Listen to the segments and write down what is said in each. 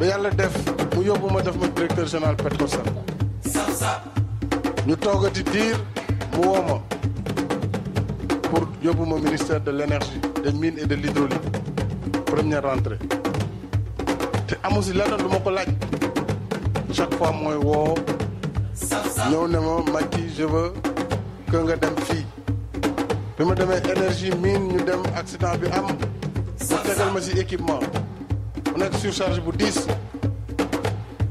ba yàlla def mu directeur général Petrosan. ñu mu woma pour ministère de l'énergie, des mines et de l'hydraulique première rentrée té fois que laaj chaque fois que ma je veux que nga dem fi que énergie mine ñu dem accident bi am équipement mu nekk surcharge bu diis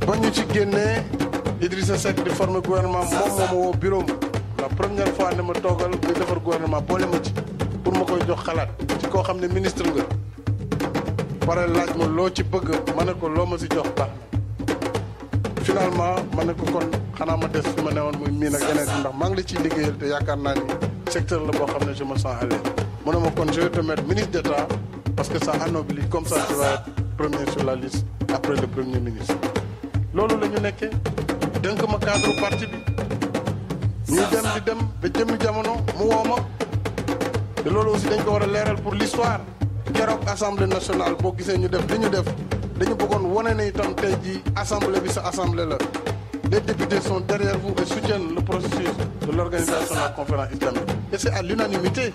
ba ñu ci génnee Idrissa Seck di former gouvernement moom moo ma woo bureau la première fois ne ma toogal ñu defar gouvernement boole ma ci pour ma koy jox xalaat ci koo xam ne ministre nga pare laaj ma loo ci bëgg ma ne ko loo ma si jox ba finalement ma ne ko kon xanaa ma des fi ma newoon muy miin ak yeneen ndax maa ngi la ciy liggéeyal te yaakaar naa ni secteur la boo xam ne je me sens à l'aise mu ne ma kon je vais ministre d'état premier sur la liste après le premier ministre Lolo la ñu nekkee ma cadre parti bi sommes dem di dem be jëmmi jamono mu woma. De te aussi dañ ko wara a pour l'histoire keroog assemblée nationale bo gisé ñu def li def dañu bëggone wane ne itam tey jii assemblée bi sa assemblée la les députés sont derrière vous et soutiennent le processus de l'organisation de la conférence islamique. Et c'est à l'unanimité,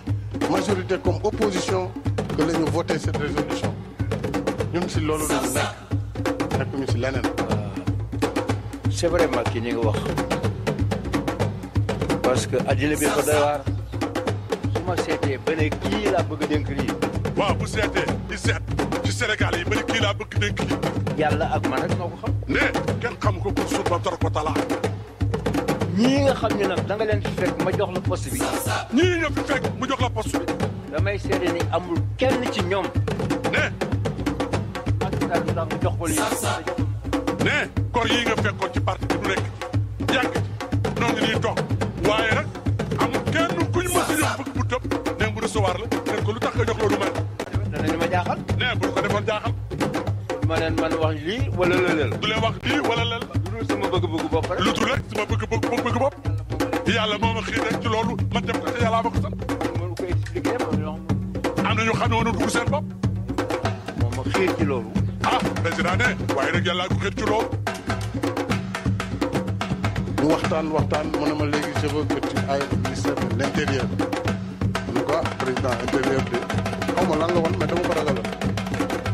majorité comme opposition, que les nous votons cette résolution. ñun si loolu lañu nekk nekkuñu si leneen. c'est vraiment kii ñu ngi wax parce que addina bi fa doy waar su ba ne kii laa bëgg dénk lii. waaw bu seetee di seet ci Sénégal yi ba ne kii laa bëgg dénk lii. yàlla ak man rek ko xam. ne kenn xam ko pour suuf ba tor ko talaa. ñii nga xam ne nag da nga leen fi fekk ma jox la poste bi. ñii nga fi fekk mu jox la poste bi. damay seede ni amul kenn ci ñoom. ne kor yi nga fekkoon ci parti bi du nekk yàgg ci noo ngi nii toog waaye nag amul kenn kuñ mos a ñëw bëgg bu tëb ne bu recevoir la nen ko lu tax nga jox loolu man danañu ma jaaxal ne bu ko defoon jaaxal ma leen man wax lii wala lëlël du leen wax lii wala lël lu dul sama bëgg-bëgg bopp rek lu dul rek sama bëgg-bëgg bëgg loolu ma ko seen bopp moo ma xiir ci loolu ah président ne waaye nag yàllaa ko xëcc loo ñu waxtaan waxtaan mu ne ma léegi je veux que tu ailles ministère de l' intérieur en tout cas président intérieur bi ma lan la woon mais ko ragal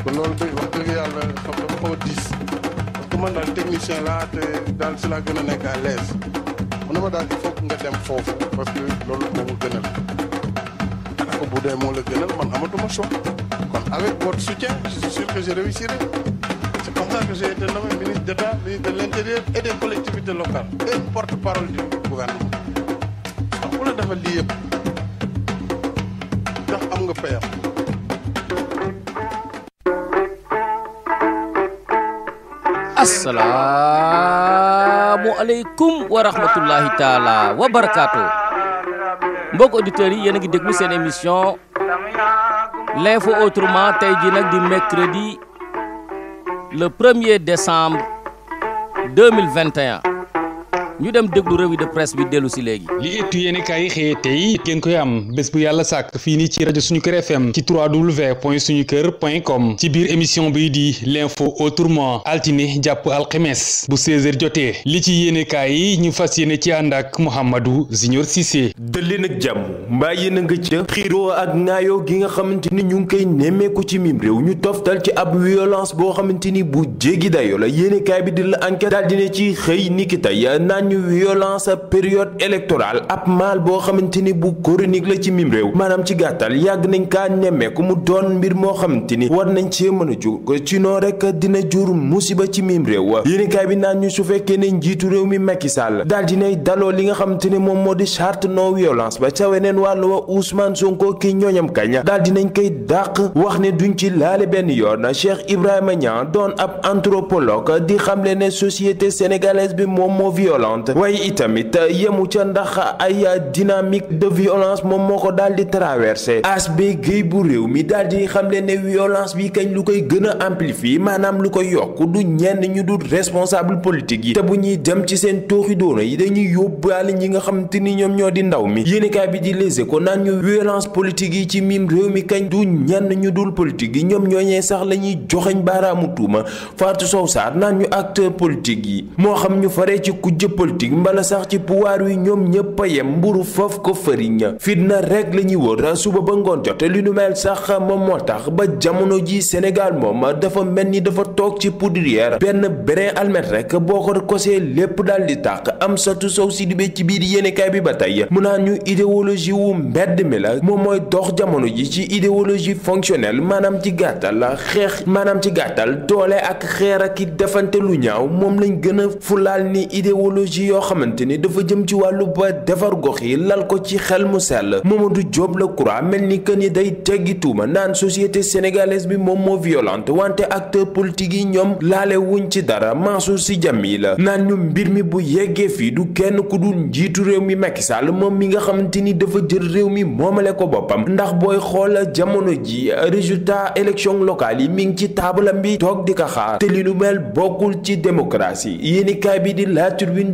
ba loolu day wax dëgg yàlla xam dama xaw a diis parce que man daal technicien laa te daal si laa gën a nekk à l'aise mu ma daal il nga dem foofu parce que loolu moo ma gënal ko bu moo la gënal man amatuma choix avec votre soutien, je suis sûr que je réussirai. C'est comme ça que j'ai été nommé ministre d'État, ministre de l'Intérieur et des collectivités locales et porte-parole du gouvernement. Donc, on a d'abord lié. Donc, on a peur. Assalamualaikum warahmatullahi taala wabarakatuh. Mbok auditeur yi yéen ngi deglu sen émission l'info autrement tey du mercredi le 1er décembre 2021 ñu dem déglu revue de presse bi dellu si léegi li ëttu yéenekaay yi xëyee tey ngeen koy am bés bu yàlla sàkk fii nii ci rajo suñu kër FM ci ci biir émission bi di l'info autrement altine jàpp alxemes bu 16h jotee li ci yéenekaay yi ñu fas yéene ci ànd ak Mouhamadou Junior Cissé dëlleen ak jàmm mbaa yéen a nga ca xiroo ak ŋaayoo gi nga xamante ni ñu ngi koy nemmeeku ci mim réew ñu toftal ci ab violence boo xamante ni bu jéggi dayo la yéenekaay bi di la nañu violence période électorale ab mal boo xamante ni bu chronique la ci mim réew maanaam ci gàttal yàgg nañ kaa nemmeeku mu doon mbir moo xamante ni war nañ cee mën a jóg ci noo rek dina jur musiba ci mim réew yéenekaay bi naan ñu su fekkee ne njiitu réew mi Macky Sall daal dinay daloo li nga xamante ni moom moo di charte non violence ba ca weneen wàll wa Ousmane Sonko ki ñooñam kañ daal dinañ koy dàq wax ne duñ ci laale benn yoon Cheikh Ibrahima Niang doon ab anthropologue di xamle ne société bi moom moo violente waaye itamit yemu ca ndax ay dynamique de violence moom moo ko daal di traversé as bi bu réew mi daal di xam leen ne violence bi kañ lu koy gën a amplifier maanaam lu koy yokk du ñenn ñu dul responsable politique yi te bu ñuy dem ci seen tooxi doona yi dañuy yóbbaale ñi nga xamante ni ñoom ñoo di ndaw mi yéenekaay bi di Les Échos naan ñu violence politique yi ci miim réew mi kañ du ñenn ñu dul politique yi ñoom ñoo ñooñee sax la ñuy joxeñ baaraamu tuuma Fatou Sow Sarr naan yi politique mbala sax ci pouvoir wi ñoom ñëpp a yem mburu foofu ko fëriñ fitna rek la ñuy wër suba ba ngoon jote li nu mel sax moom moo tax ba jamono ji Sénégal moom dafa mel ni dafa toog ci poudrière benn brin almet rek boo ko kosee lépp daal di tàq am satu sow si ci biir yéenekaay bi ba tey mu naan ñu idéologie wu mbedd mi la moom mooy dox jamono ji ci idéologie fonctionnelle manaam ci gàttal la xeex maanaam ci gàttal doole ak xeer ak defante lu stratégie yoo xamante ni dafa jëm ci wàllu ba defar gox yi lal ko ci xel mu sell Mamadou Diop Decroix mel ni que ni day teggi naan société sénégalaise bi moom moo violente wante acteur politique yi ñoom laale wuñ ci dara jam yi la naan ñu mbir mi bu yeggee fii du kenn ku dul njiitu réew mi Macky Sall moom mi nga xamante ni dafa jël réew mi moomale ko boppam ndax booy xool jamono ji résultat élection locale yi mi ngi ci taabalam bi toog di ko xaar bokkul ci démocratie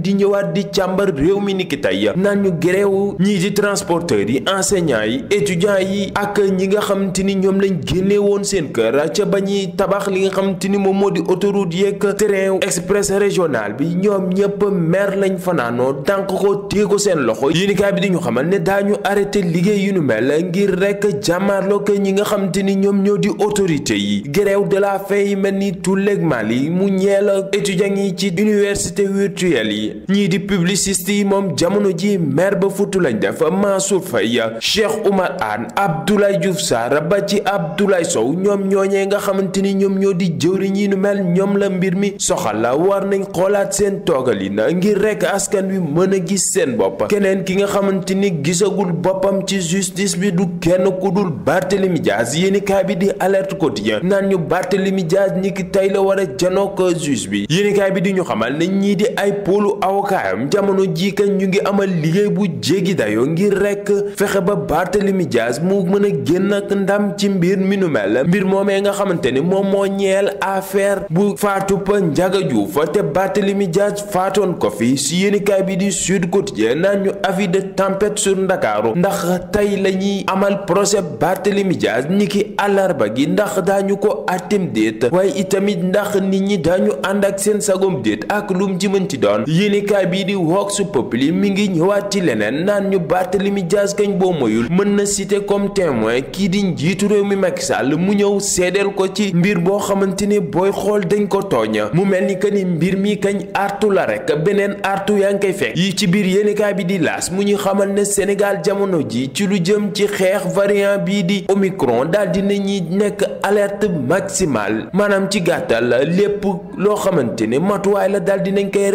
di ñëwaat di càmbar réew mi niki tey naan ñu gréew ñii di transporteurs yi enseignants yi étudiants yi ak ñi nga xamante ni ñoom lañ génnee woon seen kër ca bañi tabax li nga xamante ni moom moo di autoroute yeeg train express régional bi ñoom ñëpp mer lañ fanaanoo tànk ko ko seen loxo yéenekaay bi di ñu xamal ne daañu arrêté liggéey yu nu mel ngir rek jàmmaarloo ko ñi nga xamante ni ñoom ñoo di autorité yi grève de la faim yi mel ni tout léeg Mali mu ñeel étudiants yi ci université virtuelle yi ñii di publiciste yi moom jamono ji maire ba futu lañ def Mansour Faye Cheikh Oumar Anne Abdoulaye Diouf Sarr ba ci Abdoulaye Sow ñoom ñooñee nga xamante ni ñoom ñoo di jëwriñ yi nu mel ñoom la mbir mi soxal la war nañ xoolaat seen toogalin ngir rekk askan wi mën a gis seen bopp keneen ki nga xamante ni gisagul boppam ci justice bi du kenn ku dul Barthélemy Diaz yéenekaay bi di alerte quotidien naan ñu Barthélemy Diaz ñi ki tey la war a janoo ko juge bi awokayam jamono ji kan ñu ngi amal liggéey bu jéggi dayo ngir rek fexe ba Barthélemy Diaz mu mën a génn ak ndam ci mbir mi nu mel mbir moomee nga xamante ni moom moo affaire bu faatu pa njaga juufa te Barthélemy Diaz faatoon ko fi si yéenikaay bi di Sud Quotidien naan ñu avis de tempête sur Ndakaaru ndax tey lañuy amal procès Barthélemy Diaz niki àllarba gi ndax dañu ko atim déet waaye itamit ndax nit ñi dañu ànd ak seen sagom déet ak lum ci mën ci doon yéenekaay bii di Vox Populi mi ngi ñëwaat ci leneen naan ñu Barthélemy Dias kañ boo moyul mën na cité comme témoin kii di njiitu réew mi Macky Sall mu ñëw seedeel ko ci mbir boo xamante ni booy xool dañ ko tooña mu mel ni que ni mbir mi kañ artu la rek beneen artu yaa ngi koy fekk yi ci biir yéenekaay bi di laas mu ñu xamal ne Sénégal jamono ji ci lu jëm ci xeex variant bii di Omicron daal dina ñi nekk alerte maximale maanaam ci gàttal lépp loo xamante ne matuwaay la daal dinañ koy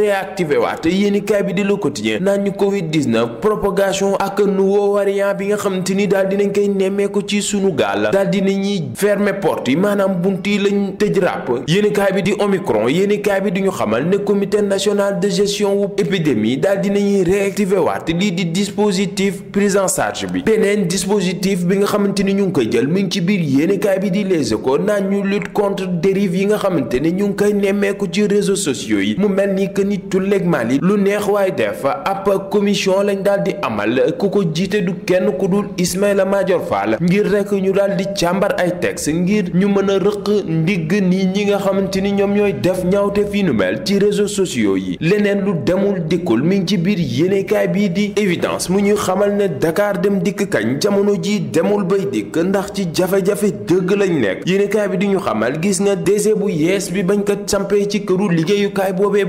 ñëwaat yéenekaay bi di Le Quotidien naan ñu covid 19 propagation ak nouveau variant bi nga xamante ni daal dinañ koy nemmeeku ci sunu gaal daal dinañuy fermer porte yi maanaam bunt yi lañ tëj ràpp yéenekaay bi di Omicron yéenekaay bi duñu xamal ne comité national de gestion wu épidémie daal dinañuy réactiver waat lii di dispositif prise en charge bi beneen dispositif bi nga xamante ni ñu ngi koy jël mu ngi ci biir yéenekaay bi di Les Échos naan ñu lutte yi nga xamante ni ñu ngi koy nemmeeku ci journal yi lu neex waay def ab commission lañ daal di amal ku ko jiite du kenn ku dul Ismaïla Madior Fall ngir rek ñu daal di càmbar ay texte ngir ñu mën a rëq ndigg nii ñi nga xamante ni ñoom ñooy def ñaw fi nu mel ci réseau sociaux yi leneen lu demul dikkul mi ngi ci biir yéenekaay bii di évidence mu ñuy xamal ne dakaar dem dikk kañ jamono ji demul bay dikk ndax ci jafe-jafe dëgg lañ nekk yéenekaay bi di ñu xamal gis nga DG bu yees bi bañ ko sampee ci këru liggéeyukaay boobee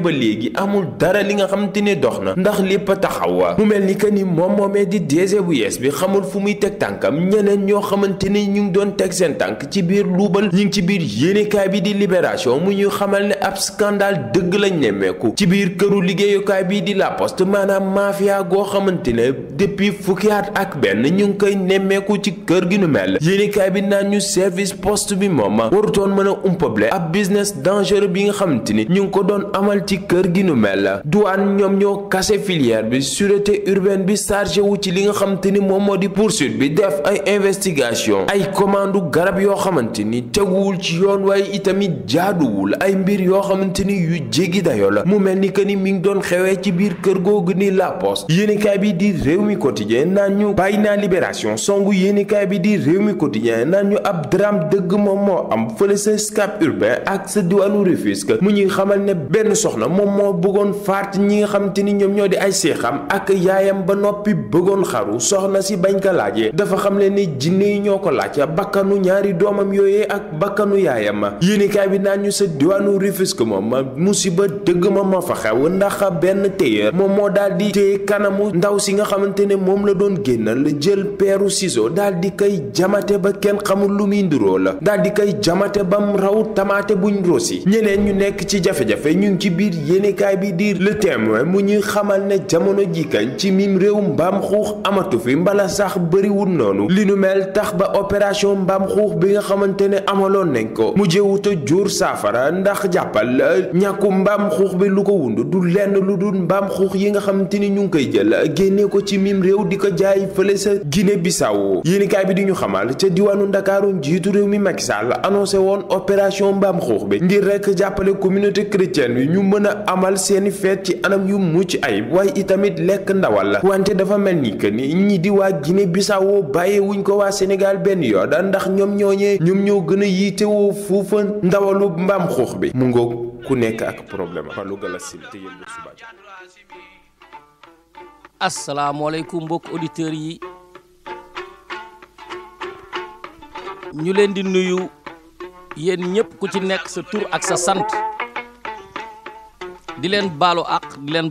li nga xamante ni dox na ndax lépp taxaw mu mel ni que ni moom moomee di DG bu yees bi xamul fu muy teg tànkam ñeneen ñoo xamante ni ñu ngi doon teg seen tànk ci biir luubal ñu ngi ci biir yéenekaay bi di libération mu ñuy xamal ne ab scandale dëgg lañ nemmeeku ci biir këru liggéeyukaay bi di la post maanaam mafia goo xamante ne depuis fukki ak benn ñu ngi koy nemmeeku ci kër gi nu mel yéenekaay bi naa ñu service post bi moom ma warutoon mën a umpable ab business dangereux bi nga xamante ni ñu ngi ko doon amal ci kër gi nu douane ñoom ñoo kase filière bi sûreté urbaine bi chargé wu ci li nga xamante ni moom moo di pour poursuite bi def ay investigation ay commande garab yoo xamante ni teguwul ci yoon waaye itamit jaaduwul ay mbir yoo xamante ni yu jéggi dayo la mu mel ni que ni mi ngi doon xewee ci biir kër googu ni la poste yéenekaay bi di réew mi quotidien naan ñu bàyyi naa libération songu yéenekaay bi di réew mi quotidien naan ñu ab drame dëgg moom moo am fële sa Scat Urbam ak sa diwaanu mu ñuy xamal benn soxna moom faat ñi nga xamante ni ñoom ñoo di ay seexam ak yaayam ba noppi bëggoon xaru soxna si bañ ko laajee dafa xam leen ni jinne yi ñoo ko laaj bakkanu ñaari doomam yooyee ak bakkanu yaayam yéenekaay bi naan ñu sa diwaanu Rufisque moom musiba dëgg ma ma fa xew ndax benn téye moom moo daal di téye kanamu ndaw si nga xamante ne moom la doon génna la jël peeru ciseau daal di koy jamate ba kenn xamul lu muy nduróo la daal di koy jamate ba raw tamaate buñ rosi ñeneen ñu nekk ci jafe-jafe ñu ci biir yéenekaay bi di le témoin mu ñuy xamal ne jamono ji ci mim réew mbaam xuux amatu fi mbala sax bëriwul noonu li nu mel tax ba opération mbaam xuux bi nga xamante ne amaloon nañ ko mujjewuta jur saafara ndax jàppal ñàkku mbaam xuux bi lu ko wund du lenn lu dul mbaam xuux yi nga xamante ni ñu ngi koy jël génne ko ci mim réew di ko jaay fële sa Guinée Bissau yéenikaay bi di ñu xamal ca diwaanu Ndakaaru njiitu réew mi Macky Sall annoncé woon opération mbaam xuux bi ngir rek jàppale communauté chrétienne yi ñu mën a amal seeni feet ci anam yu mucc ay waaye itamit lekk ndawal la wante dafa mel ni que ni ñi di waa Guinée Bissau bàyyee wuñ ko waa Sénégal benn yoon ndax ñoom ñooñee ñoom ñoo gën a yiitewoo fuufa ndawalu mbaam xuux bi mu ngoog ku nekk ak problème Fallou Galass te yéen ba mbokk auditeurs yi ñu leen di nuyu yéen ñëpp ku ci nekk sa tur ak sa sant di len ak di len dilen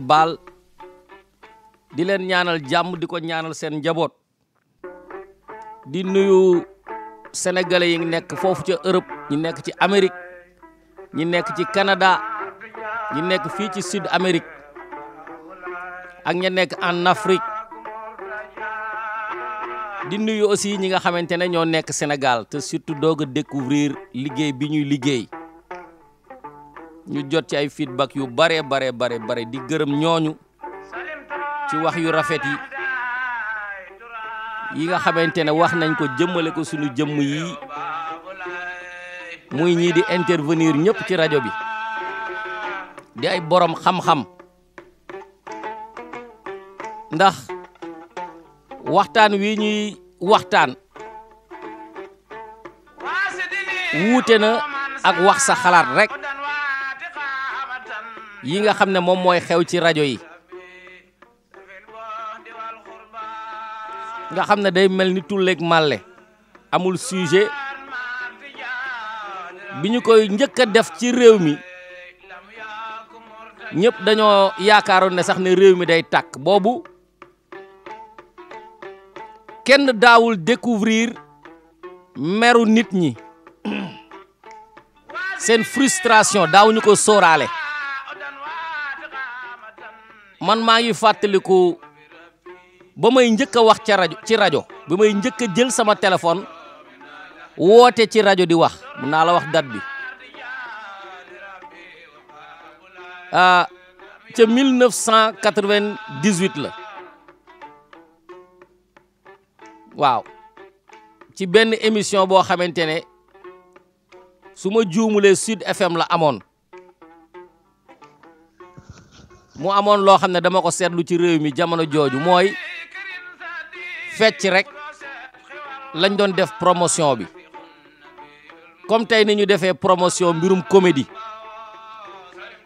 di len ñaanal jamm di ko ñaanal sen jabot di nuyu sénégalais yi nekk fofu ci Europe ñi nekk ci amerique ñi nekk ci Canada ñi nekk fi ci Sud amerique ak ñi nekk en Afrique di nuyu aussi ñi nga xamantene ño ñoo nekk Sénégal te surtout doga découvrir liggéey bi ñuy liggéey ñu jot ci ay feedback yu bare bare bare bare di gërëm ñooñu ci wax yu rafet yi yi nga xamante ne wax nañ ko jëmmale ko suñu jëmm yi muy ñii di intervenir ñëpp ci rajo bi di ay borom xam-xam ndax waxtaan wi ñuy waxtaan wuute na ak wax sa xalaat rek yi nga xam ne moom mooy xew ci rajo yi nga xam ne day mel ni tulleeg màlle amul sujet bi ñu koy njëkk a def ci réew mi ñëpp dañoo yaakaaroon ne sax ne réew mi day tàkk boobu kenn daawul découvrir meru nit ñi seen frustration daawuñu ko sóoraale man maa ngi fàttaliku ba may njëkk a wax ca ci rajo ba may njëkk a jël sama téléphone woote ci rajo di wax mun naa la wax date bi ah ca 1998 la waaw ci benn émission boo xamante ne su ma juumulee Sud FM la amoon mu amoon loo xam ne dama ko seetlu ci réew mi jamono jooju mooy fecc rek lañ doon def promotion bi comme tey ni ñu defee promotion mbirum comédie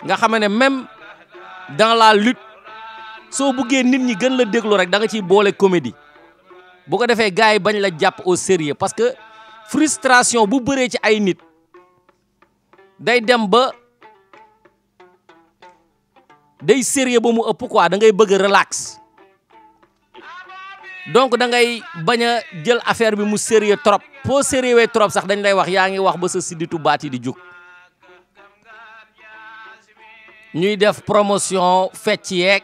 nga xam ne même dans la lutte soo buggee nit ñi gën la déglu rek da nga ciy boole comédie bu ko defee gars yi bañ la jàpp au sérieux parce que frustration bu bëree ci ay nit day dem ba day sérieux ba mu ëpp quoi da ngay bëgg relax donc da ngay bañ a jël affaire bi mu sérieux trop foo sérieux trop sax dañ lay wax yaa ngi wax ba sa sidditu baat yi di jóg ñuy def promotion fecc yeeg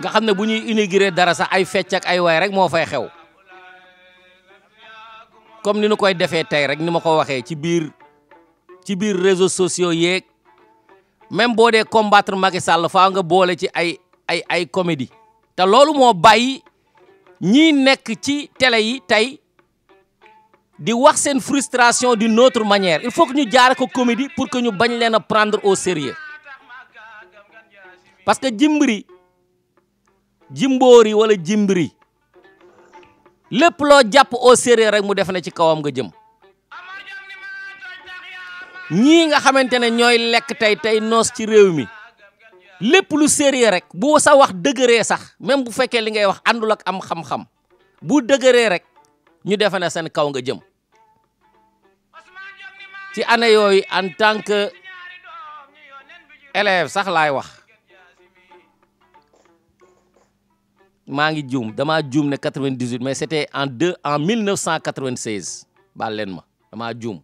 nga xam ne bu ñuy inaugurer dara sax ay fecc ak ay waay rek moo fay xew comme ni nu koy defee tey rek ni ma ko waxee ci biir ci biir réseaux sociaux yeeg même boo dee combattre Macky Sall faa nga boole ci ay ay ay comédie te loolu moo bàyyi ñiy nekk ci télé yi tey di wax seen frustration d'une autre manière il faut ñu jaare ko comédie pour que ñu bañ leen prendre au sérieux parce que jimbiri jimboori wala jimbiri lépp loo jàpp au sérieux rek mu def ne ci kawam nga jëm ñii nga xamante ne ñooy lekk tey tey noos ci réew mi lépp lu sérieux rek bu sa wax dëgëree sax même bu fekkee li ngay wax àndul ak am xam-xam bu dëgëree rek ñu defe ne seen kaw nga jëm ci année yooyu en tant que élève sax laay wax maa ngi juum damaa juum ne 98 mais c'était en deux en 1996 baal leen ma damaa juum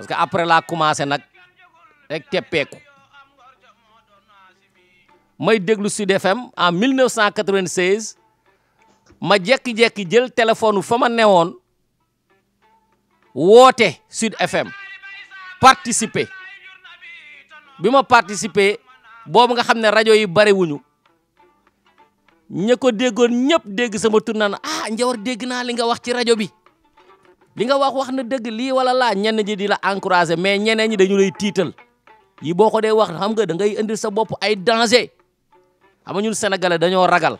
parce que après laa commencé nag rek teppeeku may déglu Sud FM en 1996 ma jekki-jekki jël téléphone fa ma newoon woote Sud FM participer bi ma participer boobu nga xam ne rajo yi barewuñu ña ko déggoon ñëpp dégg sama tur na ah Ndiawar dégg naa li nga wax ci rajo bi li nga wax wax na deug li wala la ñen ñi di la encourager mais ñeneen ñi dañu lay tiital yi boko day wax xam nga da ngay indil sa bop ay danger xam nga ñun sénégalais dañoo ragal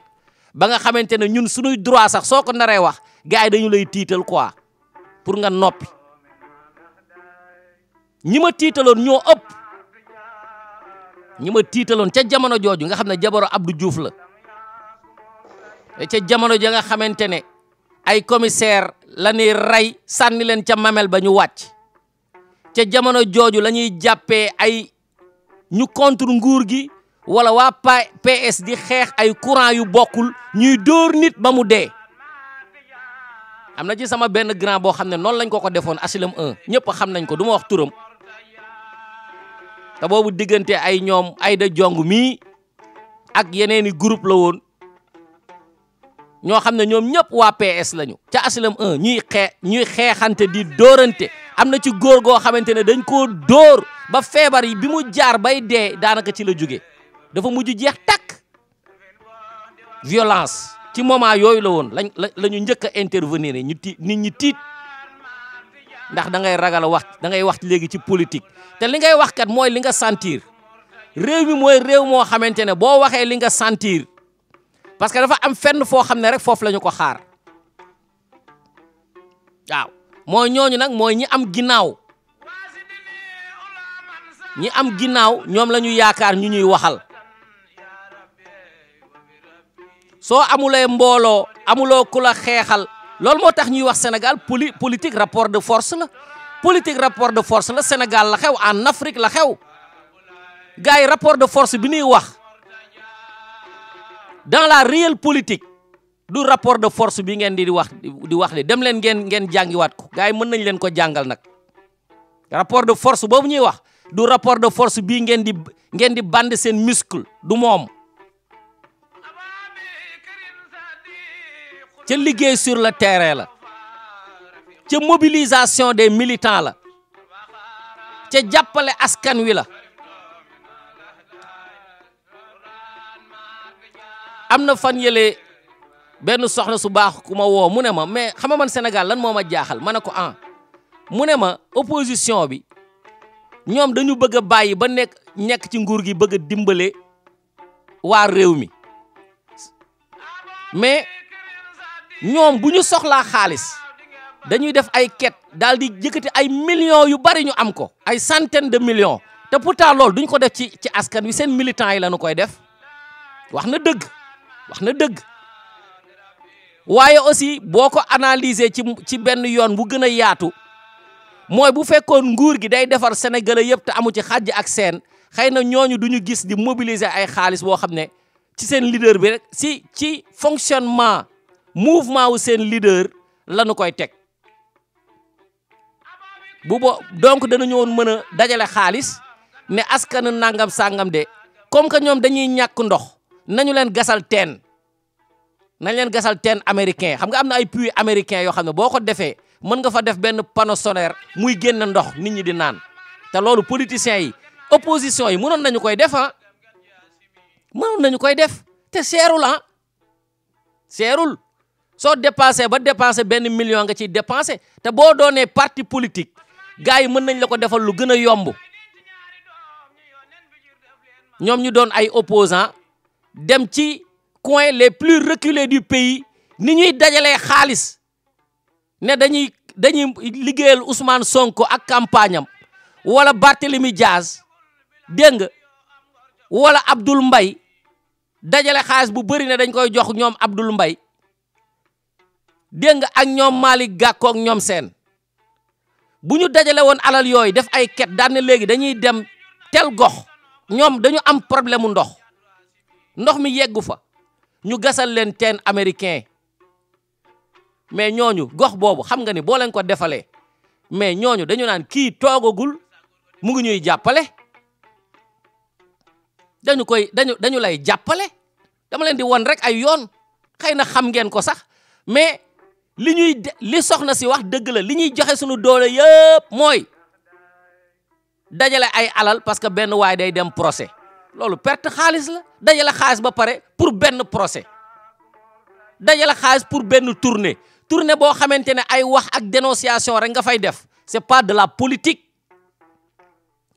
ba nga xamantene ñun suñu droit sax soko naré wax gaay dañu lay tiital quoi pour nga nopi ñi ma tiitaloon ñoo upp ñi ma ca jamono joju nga xam jabaro Abdou Diouf la ca jamono ja nga xamantene ay commissaire la ñuy rey sànni leen ca mamel ba ñu wàcc ca jamono jooju la ñuy jàppee ay ñu contre nguur gi walla waa PS di xeex ay courant yu bokkul ñuy dóor nit ba mu dee am na ci sama benn grand boo xam ne noonu lañ ko ko defoon HLM 1 ñëpp xam nañ ko du ma wax turam te boobu diggante ay ñoom Ayda Jong mii ak yeneeni groupe la woon ñoo xam ne ñoom ñëpp waa PS lañu ca aslam 1 ñuy xee ñuy xeexante di doorante am na ci góor goo xamante ne dañ koo door ba feebar yi bi mu jaar bay dee daanaka ci la jóge dafa mujj jeex takk violence ci moment yooyu la woon lañ la ñu njëkk a intervenir ñu ti nit ñi tiit ndax dangay ragal a wax da ngay wax léegi ci politique te li ngay wax kat mooy li nga sentir réew mi mooy réew moo xamante ne boo waxee li nga sentir parce que dafa am fenn foo xam ne rek foofu la ñu ko xaar waaw mooy ñooñu nag mooy ñi am ginnaaw ñi am ginnaaw ñoom la ñu yaakaar ñu ñuy waxal soo amulee mbooloo amuloo ku la xeexal loolu moo tax ñuy wax Sénégal poli politique rapport de force la politique rapport de force la Sénégal la xew en Afrique la xew gars yi rapport de force bi ñuy wax dans la réelle politique du rapport de force bi ngeen di di wax di wax ni dem leen ngeen ngeen jàngiwaat ko gars yi mën nañ leen ko jàngal nag rapport de force boobu ñuy wax du rapport de force bii ngeen di ngeen di band seen muscle du moom ca liggéey sur le terrain la ca mobilisation des militants la ca jàppale askan wi la am na fan yële benn soxna su baax ku ma woo mu ne ma mais xam nga man Sénégal lan moo ma jaaxal ma ne ko ah mu ne ma opposition bi ñoom dañu bëgg a bàyyi ba nekk ñekk ci nguur gi bëgg a dimbale waa réew mi mais ñoom bu ñu soxlaa xaalis dañuy def ay ket daal di jëkkati ay millions yu bari ñu am ko ay centaine de millions te pourtant loolu duñ ko def ci ci askan wi seen militants yi lañu koy def wax na dëgg wax na dëgg waaye aussi boo ko analyser ci ci benn yoon bu gën a yaatu mooy bu fekkoon nguur gi day defar sénégalais yëpp te amu ci xàjj ak seen xëy na ñooñu duñu gis di mobiliser ay xaalis boo xam ne ci seen leader bi rek si ci fonctionnement mouvement wu seen leader lañu koy teg bu bo donc dana woon mën a dajale xaalis ne askanu nangam sàngam de comme que ñoom dañuy ñàkk ndox nañu leen gasal teen nañ leen gasal teen américain xam nga am na ay puits américain yoo xam ne boo ko defee mën nga fa def benn panneau solaire muy génn ndox nit ñi di naan te loolu politiciens yi opposition yi mënoon nañu koy def ah mënoon nañu koy def te seerul ah seerul soo dépensé ba dépensé benn million nga ciy dépensé te boo doonee parti politique gars yi mën nañ la ko defal lu gën a yomb ñoom ñu doon ay opposant dem ci coins les plus reculés du pays ni ñuy dajalee xaalis dañuy dañuy Ousmane Sonko ak campagne wala Barthélemy Diaz wala Abdoul Mbaye dajale bu bari né dañ koy jox ñom Abdoul ak ñom ak dajale alal def ay ket dañ dañuy dem tel gox ñom dañu am problème ndox mi yeggu fa ñu gasal leen teen américain mais ñooñu gox boobu xam nga ni boo leen ko defalee mais ñooñu dañu naan kii toogagul mu ngi ñuy jàppale dañu koy dañu dañu lay jàppale dama leen di won rek ay yoon xëy na xam ngeen ko sax mais li ñuy li soxna si wax dëgg la li ñuy joxe suñu doole yëpp mooy dajale ay alal parce que benn waay day dem procès loolu perte xaalis la dajale xaalis ba pare pour benn procès dajale xaalis pour benn tournée tournée boo xamante ne ay wax ak dénonciation rek nga fay def c'est pas de la politique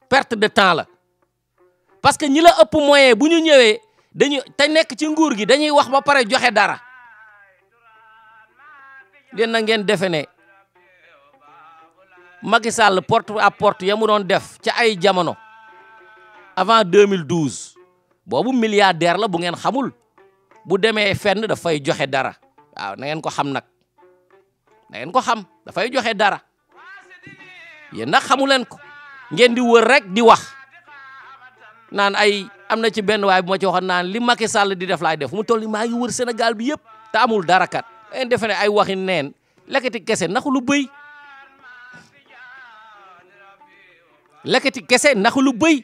perte de temps la parce que ñi la ëpp moyen bu ñu ñëwee dañu te nekk ci nguur gi dañuy wax ba pare joxe dara yéen na ngeen defe ne Macky Sall porte à porte ya mu doon def ci ay jamono avant 2012 boobu milliardaire la bu ngeen xamul bu demee fenn dafay joxe dara waaw na ko xam nag na ko xam dafay joxe dara yéen nag xamu leen ko ngeen di wër rek di wax naan ay am na ci benn waay bu ma ci waxoon naan li Macky Sall di def laay def mu toll ni maa ngi wër Sénégal bi yëpp te amul dara kat ngeen defe ay waxi neen lekkati kese naxu lu bëy lekkati kese naxu lu bëy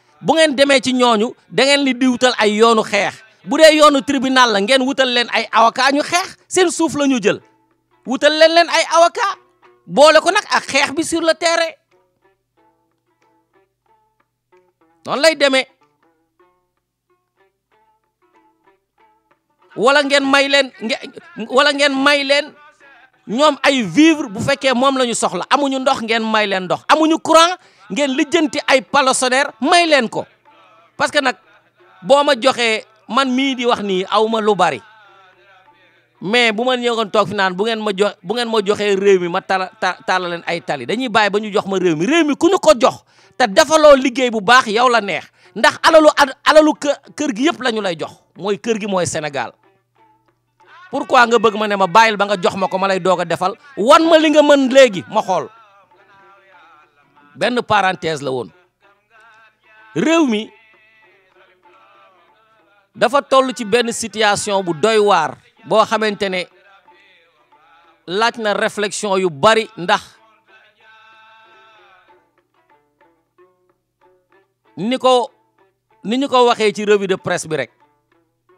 bu ngeen demee ci ñooñu dangeen ngeen li di wutal ay yoonu xeex bu dee yoonu tribunal la ngeen wutal leen ay avocat ñu xeex seen suuf la ñu jël wutal leen leen ay awaka boole ko nag ak xeex bi sur le terrain noonu lay demee wala ngeen may leen wala ngeen may leen ñoom ay vivre bu fekkee moom lañu ñu soxla amuñu ndox ngeen may leen ndox amuñu courant ngeen lijjanti ay panneaux solaires may leen ko parce que nag boo ma joxee man mii di wax nii aw ma lu bari mais bu ma ñëwoon toog fi naan bu ngeen ma jox bu ngeen ma joxee réew mi ma tala tala leen ay tali dañuy bàyyi ba ñu jox ma réew mi réew mi ku ñu ko jox te defaloo liggéey bu baax yow la neex ndax alalu alalu kër gi yëpp lañu lay jox mooy kër gi mooy Sénégal pourquoi nga bëgg ma ne ma bàyyil ba nga jox ma ko ma lay doog a defal wan ma li nga mën léegi ma xool Il parenthèse la won rewmi dafa tollu ci une situation bu doy war bo xamantene ne na réflexion yu bari ndax niko ko revue de presse bi rek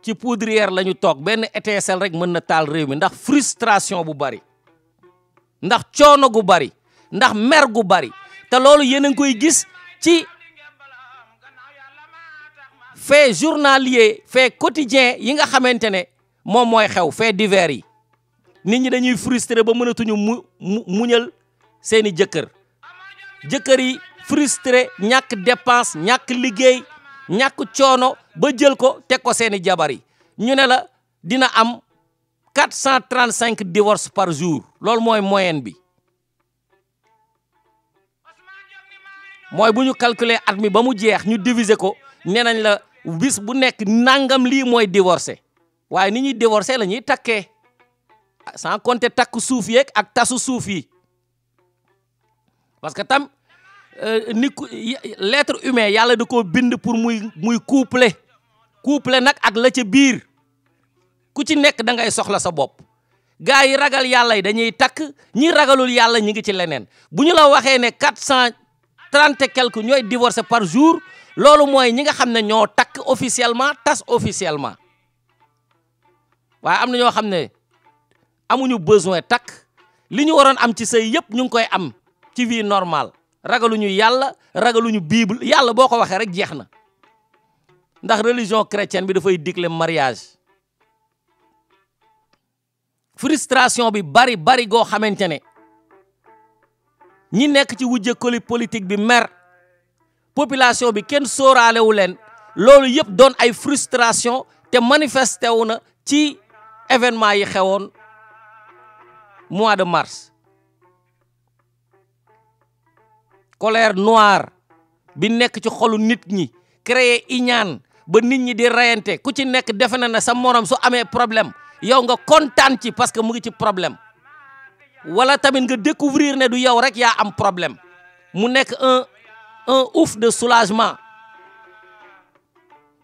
ci poudrière lañu tok ben étincelle rek mën na rewmi ndax frustration bu bari ndax gu bari mer gu bari te loolu yéen a ngi koy gis ci fait journalier fait quotidien yi nga xamante ne moom mooy xew fait divers yi nit ñi dañuy frustré ba mënatuñu mu muñal seeni jëkkër jëkkër yi frustré ñàkk dépense ñàkk liggéey ñàkk coono ba jël ko teg ko seeni jabar yi ñu ne la dina am 435 divorce par jour loolu mooy moyenne bi mooy bu ñu calculer at mi ba mu jeex ñu diviser ko nee nañ la bis bu nekk nangam lii mooy divorcé waaye ni ñuy divorcé la ñuy takkee sans compter takk suuf yeeg ak tasu suuf yi parce que tam euh, ni ku l'être humain yàlla di koo bind pour muy muy couple couple nag ak la ca biir ku ci nekk da ngay soxla sa bopp gars yi ragal yàlla yi dañuy takk ñi ragalul yàlla ñi ngi ci leneen bu ñu la waxee ne quatre cent 30 et quelque ñooy divorcé par jour lolu moy ñi nga xam ño tak officiellement tas officiellement waaye amna ño ñoo amuñu besoin tak liñu waron am ci sey yep ñu koy am ci vie normale ragaluñu yalla ragaluñu bible yalla boko waxe rek jeexna ndax religion chrétienne bi da fay digle mariage frustration bi bari bari go xamante ñi nekk ci wujjëkkali politique bi mer population bi kenn sóoraalewu leen loolu yëpp doon ay frustration te manifesté wu na ci événement yi xewoon mois de mars colère noire bi nekk ci xolu nit ñi créer iñaan ba nit ñi di reyante ku ci nekk defe na na sa morom su amee problème yow nga kontaan ci parce que mu ngi ci problème wala tamit nga découvrir ne du yow rek yaa am problème mu nekk un un ouf de soulagement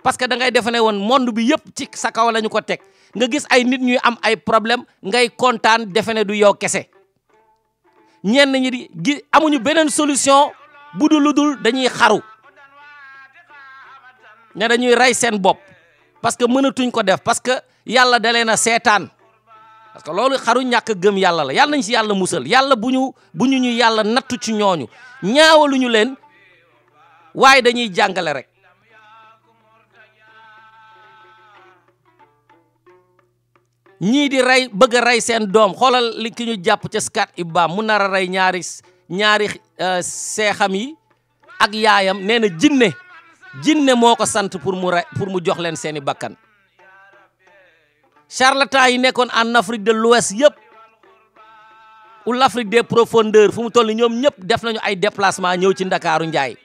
parce que da ngay defe ne monde bi yëpp ci sa kaw la ñu ko teg nga gis ay nit ñuy am ay problème ngay kontaan defe du yow kese ñenn ñi di gi amuñu beneen solution bu dul lu dul dañuy xaru ne dañuy rey seen bopp parce que mënatuñ ko def parce que yalla da leen a parce que loolu xaru ñàkk gëm yàlla la yàlla nañ si yàlla musal yàlla bu ñu bu ñu ñu yàlla nattu ci ñooñu ñaawaluñu leen waaye dañuy jàngale rek ñii di rey bëgg rey seen doom xoolal likiñu ki ñu jàpp ca skat ibbaam mu nar a rey ñaari ñaari euh, seexam yi ak yaayam nee na jinne jinne moo ko sant pour mu rey mu jox leen seeni bakkan charlatan yi nekkoon en Afrique de l'Ouest yëpp ou l'Afrique des profondeurs fu mu toll ñoom ñëpp def nañu ay déplacement ñëw ci ndakaaru njaay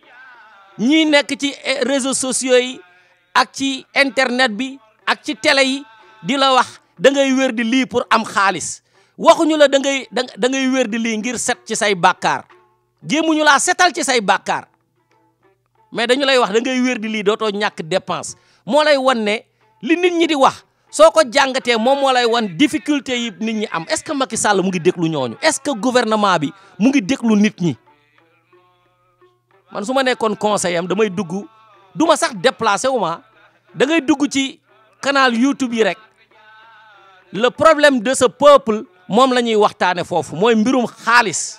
ñii nekk ci eh, réseaux sociaux yi ak ci internet bi ak ci télé yi di la wax da ngay wér di lii pour am xaalis waxuñu la dangay da ngay wér di lii ngir set ci say bàkkaar jéemuñu laa setal ci say bàkkaar mais dañu lay wax dangay wér di lii dootoo ñàkk dépense moo lay wan ne li nit ñi di wax soko jangate mom moom moo lay wan difficulté yi nit ñi am est-ce que Macky Sall mu ngi déglu ñooñu est-ce que gouvernement bi mu ngi déglu nit ñi man suma nekkon nekkoon damay dugg duma sax déplacer wuma da ngay dugg ci canal YouTube yi rek le problème de ce peuple mom la waxtane fofu moy mbirum khalis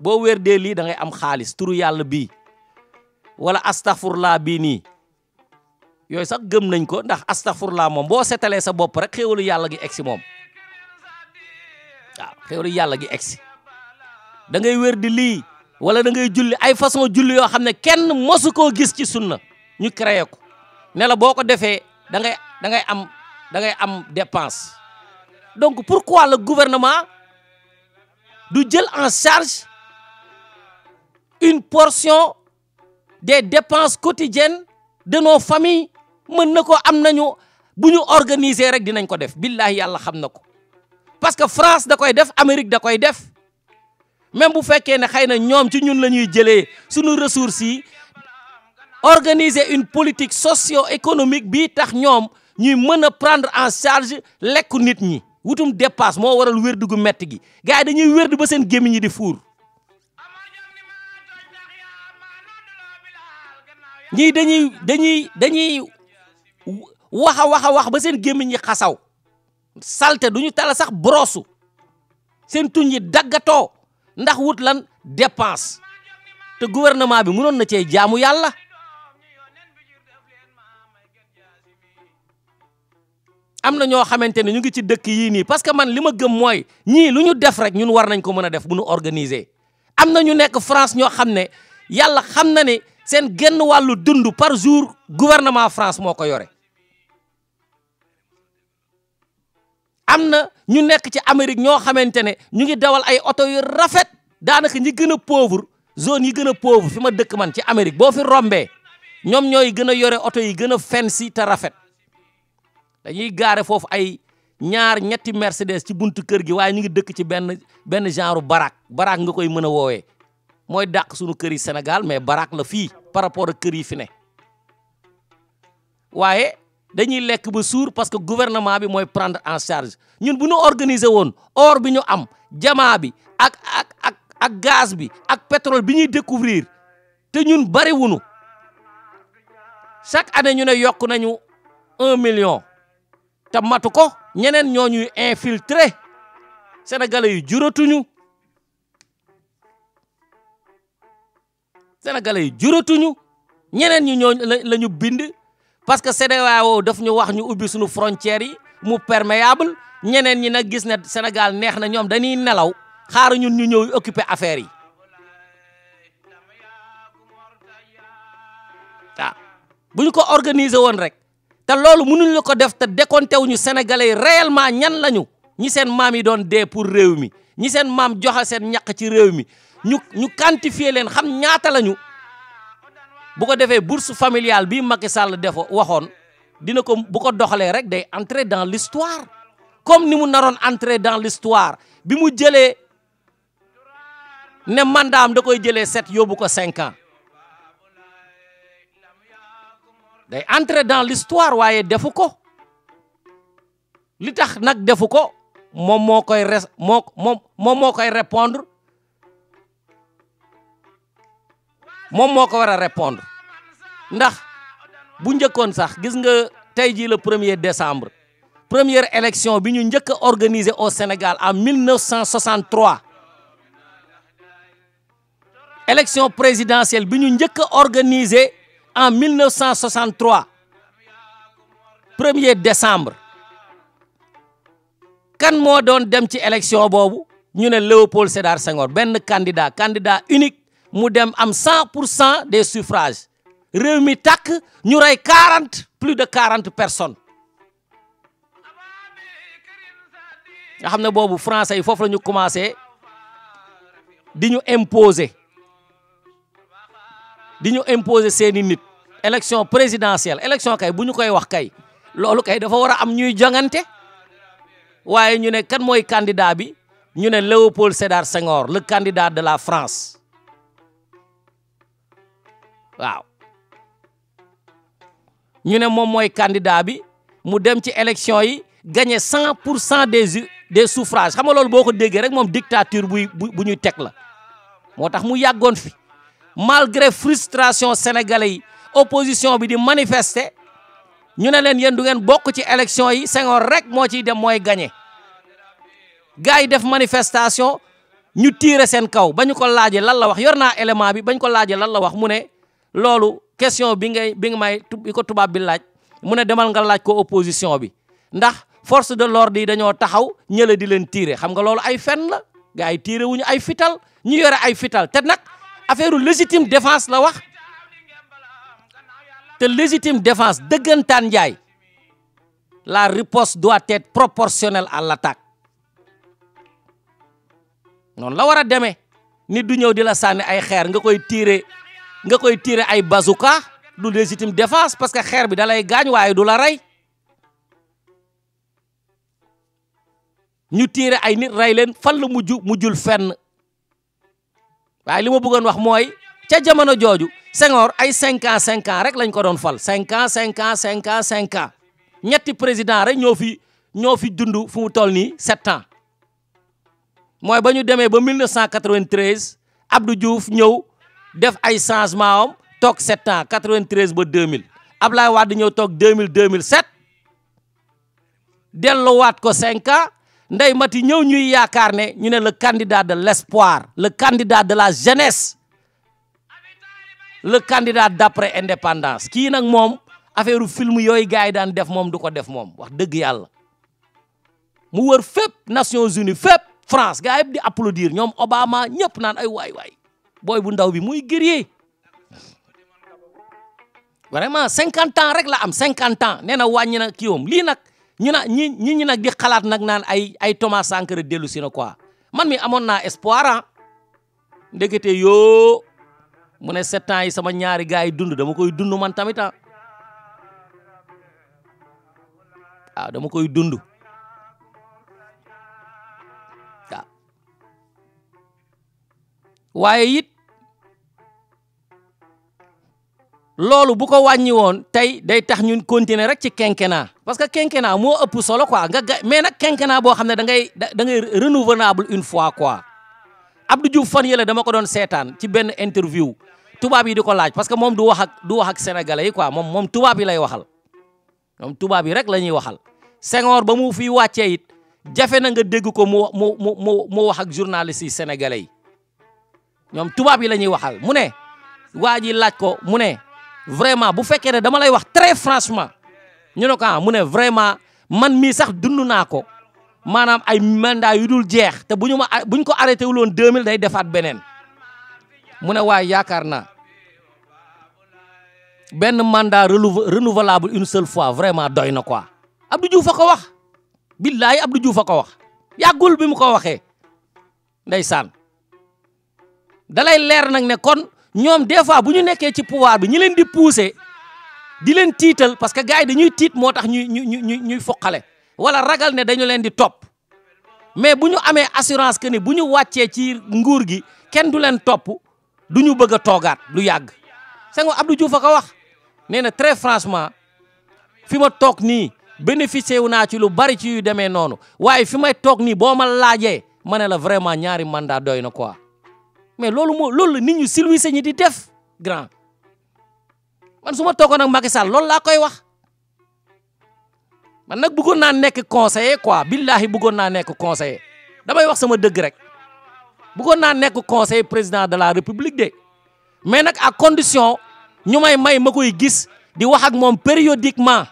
bo wër dé li da ngay am khalis turu yalla bi wala astaghfirullah bi ni yooyu sax gëm nañ ko ndax astaghfirullah moom boo setalee sa bopp rek xéwalu yàlla gi egsi moom waaw xéwalu yàlla gi egsi da ngay wér di lii wala da ngay julli ay façon julli yoo xam ne kenn mosu koo gis ci sunna ñu créé ko ne la boo ko defee dangay dangay am da ngay am dépense donc pourquoi le gouvernement du jël en charge une portion des dépenses quotidiennes de nos familles mën na ko am nañu bu ñu organiser rek dinañ ko def billahi yàlla xam na ko parce que France da koy def Amérique da koy def même bu fekkee ne xëy na ñoom ci ñun la ñuy jëlee suñu ressources yi organiser une politique socio-économique bi tax ñoom ñuy mën a prendre en charge lekku nit ñi wutum dépasse moo waral wérdu gu metti gi gars yi dañuy wérdu ba seen gémmiñ di fuur ñii dañuy dañuy wax a wax a wax ba seen gémmiñ yi xasaw salte du ñu tala sax brosu seen tuñ yi daggatoo ndax wut lan dépense te gouvernement bi mënoon na cee jaamu yàlla am na ñoo xamante ne ñu ngi ci dëkk yii nii parce que man li ma gëm mooy ñii lu ñu def rek ñun war nañ ko mën a def bu ñu am na ñu nekk France ñoo xam ne yàlla xam na ne seen genn wàllu dund par jour gouvernement France moo ko yore am na ñu nekk ci Amérique ñoo xamante ne ñu ngi dawal ay oto yu rafet daanaka ñi gën a pauvre zone yi gën a pauvre fi ma dëkk man ci Amérique boo fi rombee ñoom ñooy gën a yore oto yi gën a fancy te rafet dañuy gaare foofu ay ñaar ñetti Mercedes ci buntu kër gi waaye ñu ngi dëkk ci benn benn genre barak baraak nga koy mën a woowee mooy dàq suñu kër yi Sénégal mais baraak la fii par rapport ak kër yi fi ne waaye dañuy lekk ba suur parce que gouvernement bi mooy prendre en charge ñun bu ñu organiser woon or bi ñu am jamaa bi ak ak ak ak gaz bi ak pétrole bi ñuy découvrir te ñun bari wuñu chaque année ñu ne yokk nañu un million te matu ko ñeneen ñoo ñuy infiltré sénégalais yu juratuñu sénégalais yu juratuñu ñeneen ñi ñoo la ñu bind parce que CEDEAO daf ñu wax ñu ubbi suñu frontières yi mu perméable ñeneen ñi nag gis ne Sénégal neex na ñoom dañuy nelaw xaar ñun ñu ñëw occuper affaire yi waaw bu ñu ko organiser woon rek te loolu mënuñ la ko def te décompté wuñu sénégalais yi réellement ñan lañu ñi seen maam yi doon dee pour réew mi ñi seen maam joxe seen ñaq ci réew mi ñu ñu quantifier leen xam ñaata lañu. bu ko defee bourse familiale bii Macky Sall defo waxoon dina ko bu ko doxalee rek day entrer dans l'histoire comme ni mu naroon entrer dans l'histoire bi mu jëlee ne mandaam da koy jëlee sept yóbbu ko cinq ans day entrer dans l'histoire waaye defu ko li tax nag defu ko moom moo koy res moo moom moo koy répondre Mon vais répondre ndax bu njëkkoon sax gis nga le premier décembre première élection bi ñu au Sénégal en 1963 élection présidentielle bi ñu en 1963 1er décembre kan décembre, doon dem ci élection l'élection Nous sommes Léopold Sédar Senghor un candidat candidat unique nous avons am 100 des suffrages réew nous 40 plus de 40 personnes Nous bobu français imposer di imposer seeni nit élection présidentielle élection kay bu koy wax kay loolu kay dafa a am ñuy ñu candidat bi Léopold Sédar Senghor le candidat de la France waaw ñu ne moom mooy candidat bi mu dem ci élection yi gagné 100% pour cent des des suffrages xam nga loolu boo ko déggee rek moom dictature buy bu ñuy teg la moo tax mu yàggoon fi malgré frustration sénégalais opposition bi di manifester ñu ne leen yéen du ngeen bokk ci élection yi Senghor rek moo ciy dem mooy gagné gars yi def manifestation ñu tiire seen kaw ba ko laajee lan la wax yor naa élément bi bañ ko lan la wax mu ne loolu question bi ngay bi nga may bi ko tubaab bi laaj mu ne demal nga laaj ko opposition bi ndax force de l'ordre yi dañoo taxaw ñële di leen tiire xam nga loolu ay fen la gars yi tiire wuñu ay fital ñu yore ay fital te nag affaire légitime défense la wax te légitime défense dëggantaan njaay la riposte doit être proportionnelle à l'attaque noonu la war a demee nit du ñëw di la sànni ay xeer nga koy tiire nga koy tiire ay bazooka du légitime défense parce que xeer bi dalay lay gaañ waaye du la rey ñu tiire ay nit rey leen fan la mujj mujjul fenn waaye li ma bëggoon wax mooy ca jamono jooju Senghor ay cinq ans cinq ans rek lañ ko doon fal cinq ans cinq ans cinq ñetti président rek ñoo fi ñoo fi dund fu mu toll nii sept ans mooy ba ñu demee ba 1993 Abdou Diouf ñëw def ay changement am toog 7 ans 93 ba 2000 Ablaye Wade ñëw toog 2000 2007 delluwaat ko cinq ans Ndeye Mati ñëw ñuy yaakaar ne ñu ne le candidat de l'espoir le candidat de la jeunesse le candidat d'après indépendance kii nag moom affaire film yooyu gars yi daan def moom du ko def moom wax dëgg yàlla mu wër fépp Nations Unies fépp France gars yëpp di applaudir ñoom Obama ñëpp naan ay waay way booy bu ndaw bi mooy guerrier vraiment cinquante ans rek la am cinquante ans nee na wàññi na kii lii nag ñu na ñi ñi ñi di xalaat nag naan ay ay Thomas Sankara dellu si na quoi man mi amoon naa espoir ah ndekete yoo mu ne sept yi sama ñaari gars yi dund dama koy dundu man tamit ah. ah dama koy dund ah. waaye it loolu bu ko wàññi woon tey day tax ñun continuer rek ci quinquennat parce que quinquennat moo ëpp solo quoi nga ga mais nag quinquennat boo xam ne dangay ngay da une fois quoi Abdou Diouf fan yële dama ko doon seetaan ci benn interview tubaab yi di ko laaj parce que moom du wax ak wax ak sénégalais yi quoi moom moom tubaab yi lay waxal moom tubaab yi rek la ñuy waxal Senghor ba mu fi wàccee it jafe na nga dégg ko mu mu mu mu wax ak journaliste yi sénégalais yi ñoom tubaab yi la ñuy waxal mu ne waa ji laaj ko mu ne vraiment bu fekkee ne dama lay wax très franchement ñu ne ah, mu ne vraiment man mii sax dund naa ko maanaam ay mandat yu dul jeex te bu ñu ma bu ñu ko arrêté wuloon 2000 day defaat beneen mu ne waaye yaakaar naa benn mandat renouvelable une seule fois vraiment doy na quoi. Abdou Diouf a ko wax billaahi Abdou Diouf a ko wax yàggul bi mu ko waxee ndeysaan dalay leer nag ne kon. ñoom des fois bu ñu nekkee ci pouvoir bi ñu leen di pousser di leen tiital parce que gars yi dañuy tiit moo tax ñuy ñuy ñuy ñuy foqale wala ragal ne dañu leen di topp mais bu ñu amee assurance que ni bu ñu wàccee ci nguur gi kenn du leen topp du ñu bëgg a toogaat lu yàgg. Senghor Abdou Diouf a ko wax nee na très franchement fi ma toog nii bénéficié wu naa ci lu bari ci yu demee noonu waaye fi may toog nii boo ma laajee ma ne la vraiment ñaari man mandat doy na quoi. mais loolu moo loolu la nit ñu silvissé ñi di def grand man su ma toogoon ak Macky loolu laa koy wax man nag buggoon naa nekk conseiller quoi billahi bëggoon naa nekk conseiller damay wax sama dëgg rek buggoon naa nekk conseiller président de la république de mais nag à condition ñu may may ma koy gis di wax ak moom périodiquement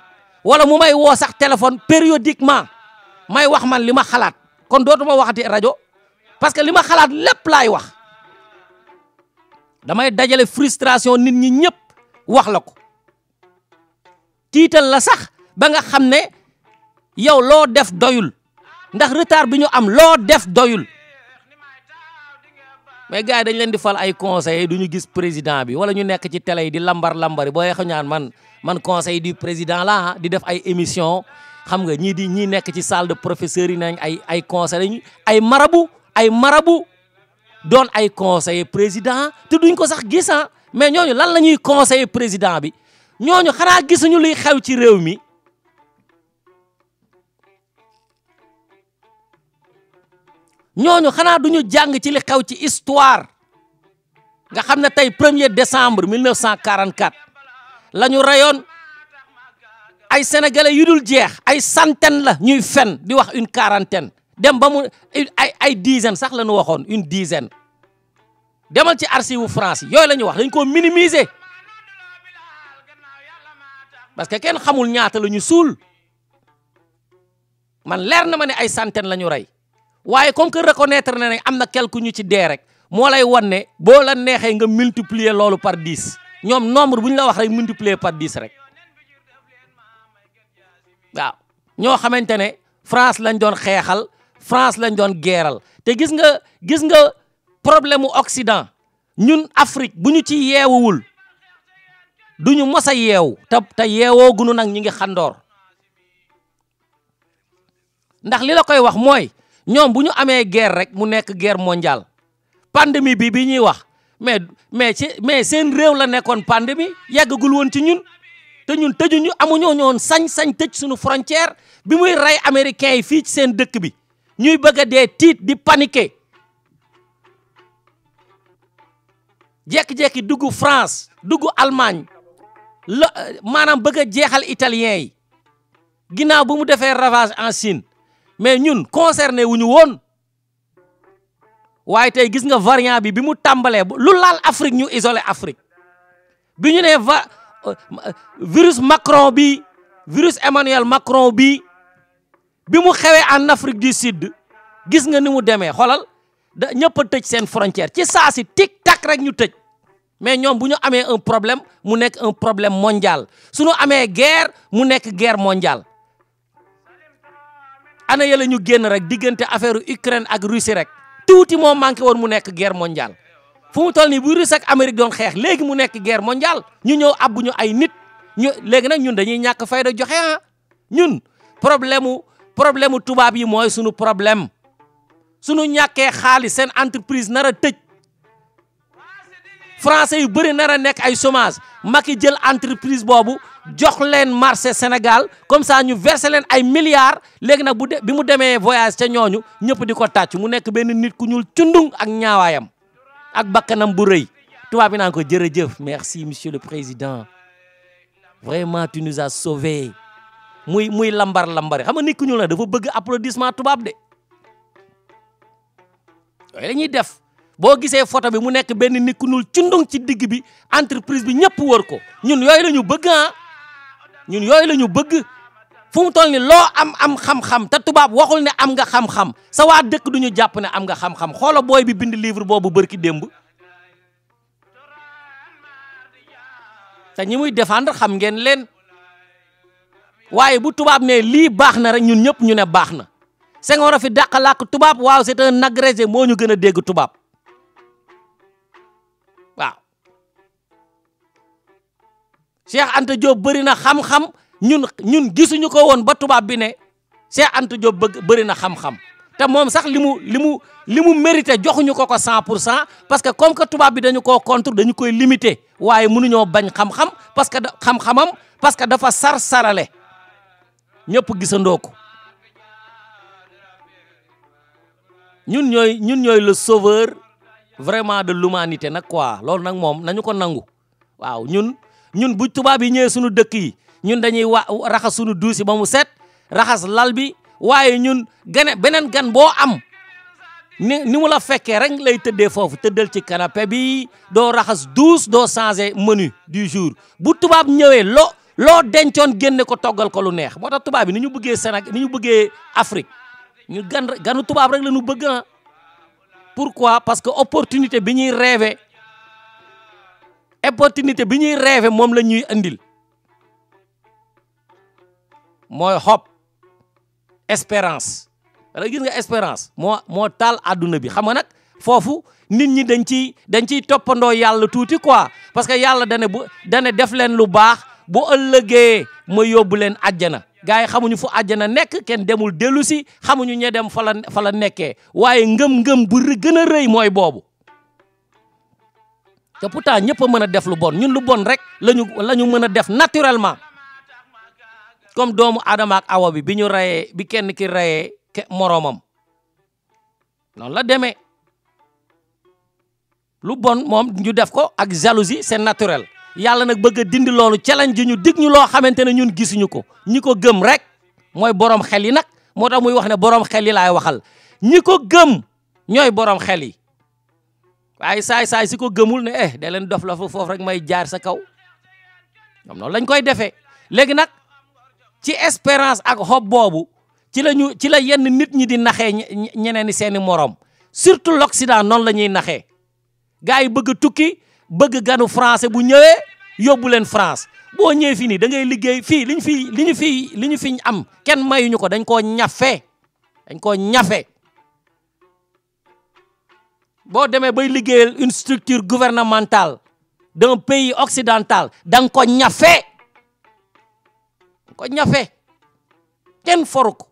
wala mu may woo sax téléphone périodiquement may wax man li ma xalaat kon dootuma waxati rajo parce que li ma xalaat lépp laay wax. damay dajale frustration nit ñi ñëpp wax la ko tiital la sax ba nga xam ne yow loo def doyul ndax retard bi ñu am loo def doyul mais gars yi dañ leen di fal ay conseillers du ñu gis président bi wala ñu nekk ci télé yi di lambar lambari boo yeexu ñaan man man conseil di président la ah, di def ay émission xam nga ñii di ñii nekk ci salle de professeurs yi nañ ay ay conseil ay marabu ay marabu doon ay conseiller président te duñ ko sax gis ah. mais ñooñu lan la ñuy conseiller président bi ñooñu xanaa gisuñu luy xew ci réew mi ñooñu xanaa duñu jàng ci li xew ci histoire nga xam ne tey premier décembre 1944 la ñu rayoon ay sénégalais yu dul jeex ay centaine la ñuy fen di wax une quarantaine dem ba mu ay ay dizaine sax la waxoon une dizaine demal ci archive France yooyu la ñuy wax lañu koo minimiser parce que kenn xamul ñaata la ñu suul man leer na ma ne ay centaine la ñu rey waaye comme que reconnaître na ne am na quelque ñu ci dee rek moo lay wan ne boo la neexee nga multiplier loolu par 10 ñoom nombre bu ñu la wax rek multiplier par 10 rek waaw ñoo xamante ne France lañ doon xeexal France lañ doon geeral te gis nga gis nga problème mu Occident ñun Afrique bu ñu ci yeewuwul du ñu mos a yeewu te te yeewoo gunu nag ñi ngi xandoor ndax li la koy wax mooy ñoom bu ñu amee guerre rek mu nekk guerre mondiale pandémie bi bi ñuy wax mais mais ci mais seen réew la nekkoon pandémie yàggagul woon ci ñun te ñun tëjuñu amuñoo ñoon sañ-sañ tëj sunu frontière bi muy rey américains yi fii ci seen dëkk bi ñuy bëgg a dee tiit di paniquer jekki-jekki dugg France dugg Allemagne la maanaam bëgg a jeexal italien yi ginnaaw bu mu defee ravage en Chine mais ñun concerné wuñu woon waaye tey gis nga variant bi bi mu tàmbalee lu laal Afrique ñu isolé Afrique bi ñu nee va euh, euh, virus Macron bi virus Emmanuel Macron bi bi mu xewee en Afrique du Sud gis nga ni mu demee xoolal da ñëpp a tëj seen frontière ci saa si tic tac rek ñu tëj mais ñoom bu ñu amee un problème mu nekk un problème mondial su ñu amee guerre mu nekk guerre mondiale. ana yële ñu génn rek diggante affaire Ukraine ak Russie rek tuuti moo manqué woon mu nekk guerre mondiale fu mu toll nii bu Russie ak Amérique doon xeex léegi mu nekk guerre mondiale ñu ñëw abbu ñu ay nit léegi nag ñun dañuy ñàkk fayda joxe ah ñun problème problème mu tubaab yi mooy sunu problème sunu ñàkkee xaalis seen entreprise nar a tëj français yu bëri nar a nekk ay chômage Macky jël entreprise boobu jox leen marché Sénégal comme ça ñu versé leen ay milliards léegi nag bu de bi mu demee voyage ca ñooñu ñëpp di ko tàcc mu nekk benn nit ku ñuul cundung ak ñaawaayam ak bakkanam bu rëy tubaab bi naan ko jërëjëf merci monsieur le président vraiment tu nous as sauvés muy muy lambar lambar xam nga nit ku ñu la dafa bëgg applaudissement tubaab de yooyu lañuy def bo gisee photo bi mu nekk benn nit ku ñuul cundung ci digg bi entreprise bi ñëpp wër ko ñun yooyu lañu bëgg ha ñun yooyu lañu bëgg fu mu toll ni am am xam-xam te tubaab waxul ne am nga xam-xam sa waa dëkk duñu jàpp ne am nga xam-xam xoola booy bi bind livre boobu bërki démb te ñi muy défendre xam ngeen leen waaye bu tubaab ne lii baax na rek ñun ñëpp ñu ne baax na Senghor a fi dàq làkk tubaab waaw c'est un moo ñu gën a dégg tubaab waaw Cheikh Anta Diop bëri na xam-xam ñun ñun gisuñu ko woon ba tubaab bi ne Cheikh Anta Diop bëgg bëri na xam-xam te moom sax li mu li mu li mu mérité joxuñu ko ko cent pour cent parce que comme que tubaab bi dañu koo contre dañu koy limité waaye mënuñoo bañ xam-xam parce que xam parce que dafa sar ñëpp gisandoo ko ñun ñooy ñun ñooy le sauveur vraiment de l'humanité nag quoi loolu nag moom nañu ko nangu waaw ñun ñun bu tubaab yi ñëwee suñu dëkk yi ñun dañuy wa raxas suñu duusi ba mu set raxas lal bi waaye ñun gane beneen gan boo am ni ni mu la fekkee rek lay tëddee foofu tëddal ci canapé bi doo raxas douche doo changer menu du jour bu tubaab ñëwee loo loo dencoon génne ko toggal ko lu neex moo tax tubaab bi ni ñu buggee Sénégal ni ñu buggee Afrique ñu gan ganu tubaab rek la nu bëgg ah. pourquoi parce que opportunité bi ñuy rêvé opportunité bi ñuy rêvé moom la ñuy andil mooy xob espérance. da gis nga espérance moo moo taal àdduna bi xam nga nag foofu nit ñi dañ ciy dañ ciy toppandoo yàlla tuuti quoi parce que yàlla dane bu dane def leen lu baax. boo ëllëgee ma yóbbu leen àjjana gars yi xamuñu fu àjjana nekk kenn demul dellu si xamuñu ñe dem fa la fa nekkee waaye ngëm-ngëm bu gën a rëy mooy boobu te pourtant ñëpp mën a def lu bon ñun lu bon rek lañu la mën a def naturellement comme doomu Adama ak bi bi ñu rayee bi kenn ki reyee moroomam noonu la demee lu bon moom ñu def ko ak jalousie c'est naturel yàlla nag bëgg dindi loolu challenge ji ñu dig ñu loo xamante ne ñun gisuñu ko ñi ko gëm rek mooy borom xel yi nag moo tax muy wax ne borom xel yi laay waxal ñi ko gëm ñooy borom xel yi waaye saay saay si ko gëmul ne eh da leen dof la fa foofu rek may jaar sa kaw ñoom noonu lañ koy defee léegi nag ci espérance ak xob boobu ci la ñu ci la yenn nit ñi di naxee ñeneen i seeni moroom surtout l'Occident noonu la ñuy naxee gars tukki bëgg ganu français bu ñëwee yóbbu leen France boo ñëwee fii nii da ngay liggéey fii li ñu fi li ñu fi li ñu fi am kenn mayuñu ko dañ koo ñafe dañ koo ñafe boo demee bay liggéey une structure gouvernementale d'un pays occidental dang nga ko ñafe ko ñafe kenn foru ko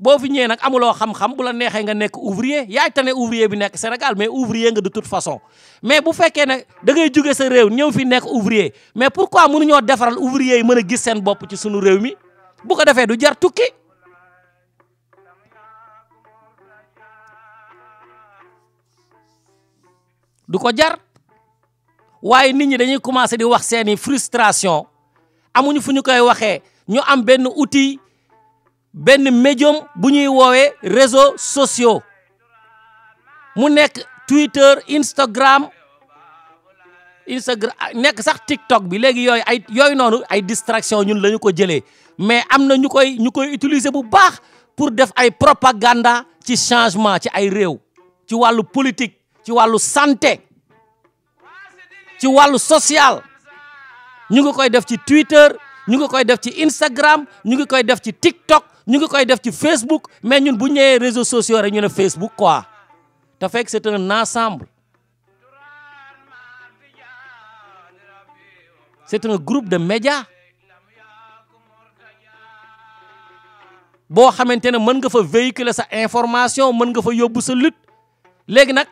bo fi ñëwee amu amuloo xam-xam bu la neexee nga nekk ouvrier yaay tane ouvrier bi nekk Sénégal mais ouvrier nga de toute façon mais bu fekkee ne da ngay jóge sa réew ñëw fi nekk ouvrier mais pourquoi mënuñoo defaral ouvrier yi mën gis seen bopp ci sunu réew mi bu ko defee du jar tukki du ko jar waaye nit ñi dañuy commencé di wax seeni frustration amuñu fu ñu koy waxee ñu am benn outil benn médium bu ñuy woowee réseaux sociaux mu nekk Twitter Instagram Instagram nekk sax TikTok bi léegi yooyu ay yooyu noonu ay distraction ñun lañu ko jëlee mais am na ñu koy ñu koy utiliser bu baax pour def ay propaganda ci changement ci ay réew ci wàllu politique ci wàllu santé ci wàllu social ñu ngi koy def ci Twitter ñu ngi koy def ci Instagram ñu ngi koy def ci TikTok ñu ngi koy def ci Facebook mais ñun bu ñëwee réseaux sociaux rek ñu ne Facebook quoi te fekk c'est un ensemble c'est un groupe de média boo xamante ne mën nga fa véhiculer sa information mën nga fa yóbbu sa lut léegi nag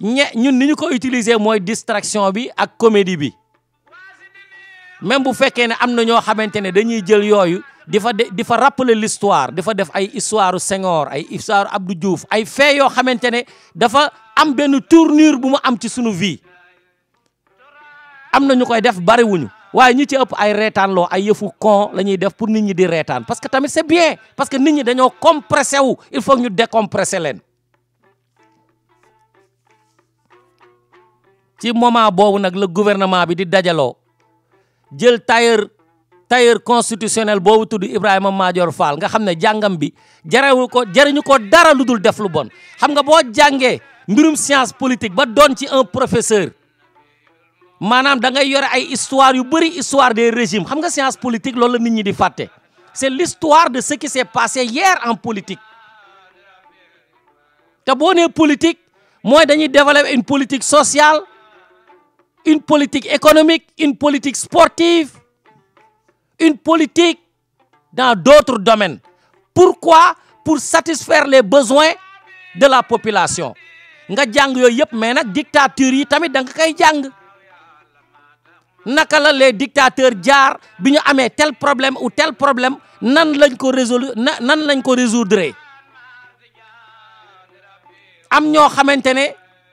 ñe ñun ni ñu ko utiliser mooy distraction bi ak comédie bi même bu fekkee ne am na ñoo xamante ne dañuy jël yooyu Il faut rappeler l'histoire il faut faire ay histoire Seigneur, ay histoire Abdou Diouf ay fait Il dafa faire une tournure nous am ci sunu vie am vie... ñu koy def bariwuñu ñi ci ëpp parce que c'est bien parce que nit ñi dañoo il faut décompresser moment gouvernement tailleur tailleur constitutionnel bobu tuddu Ibrahima major Fall nga xamne jangam bi jarewu ko jariñu ko dara luddul def lu bon xam nga bo jangé mbirum science politique ba don ci un professeur manam da ngay yoré ay histoire yu bëri histoire des régimes xam nga science politique loolu la nit ñi di faté c'est l'histoire de ce qui s'est passé hier en politique ta bonne politique moy dañuy développer une politique sociale une politique économique une politique sportive une politique dans d'autres domaines. Pourquoi Pour satisfaire les besoins de la population. nga jang yooyu yëpp mais dictature yi tamit da kay jang. Nakala les dictateurs jaar biñu amé tel problème ou tel problème nan lañ ko résoudre nan lañ ko résoudre am ño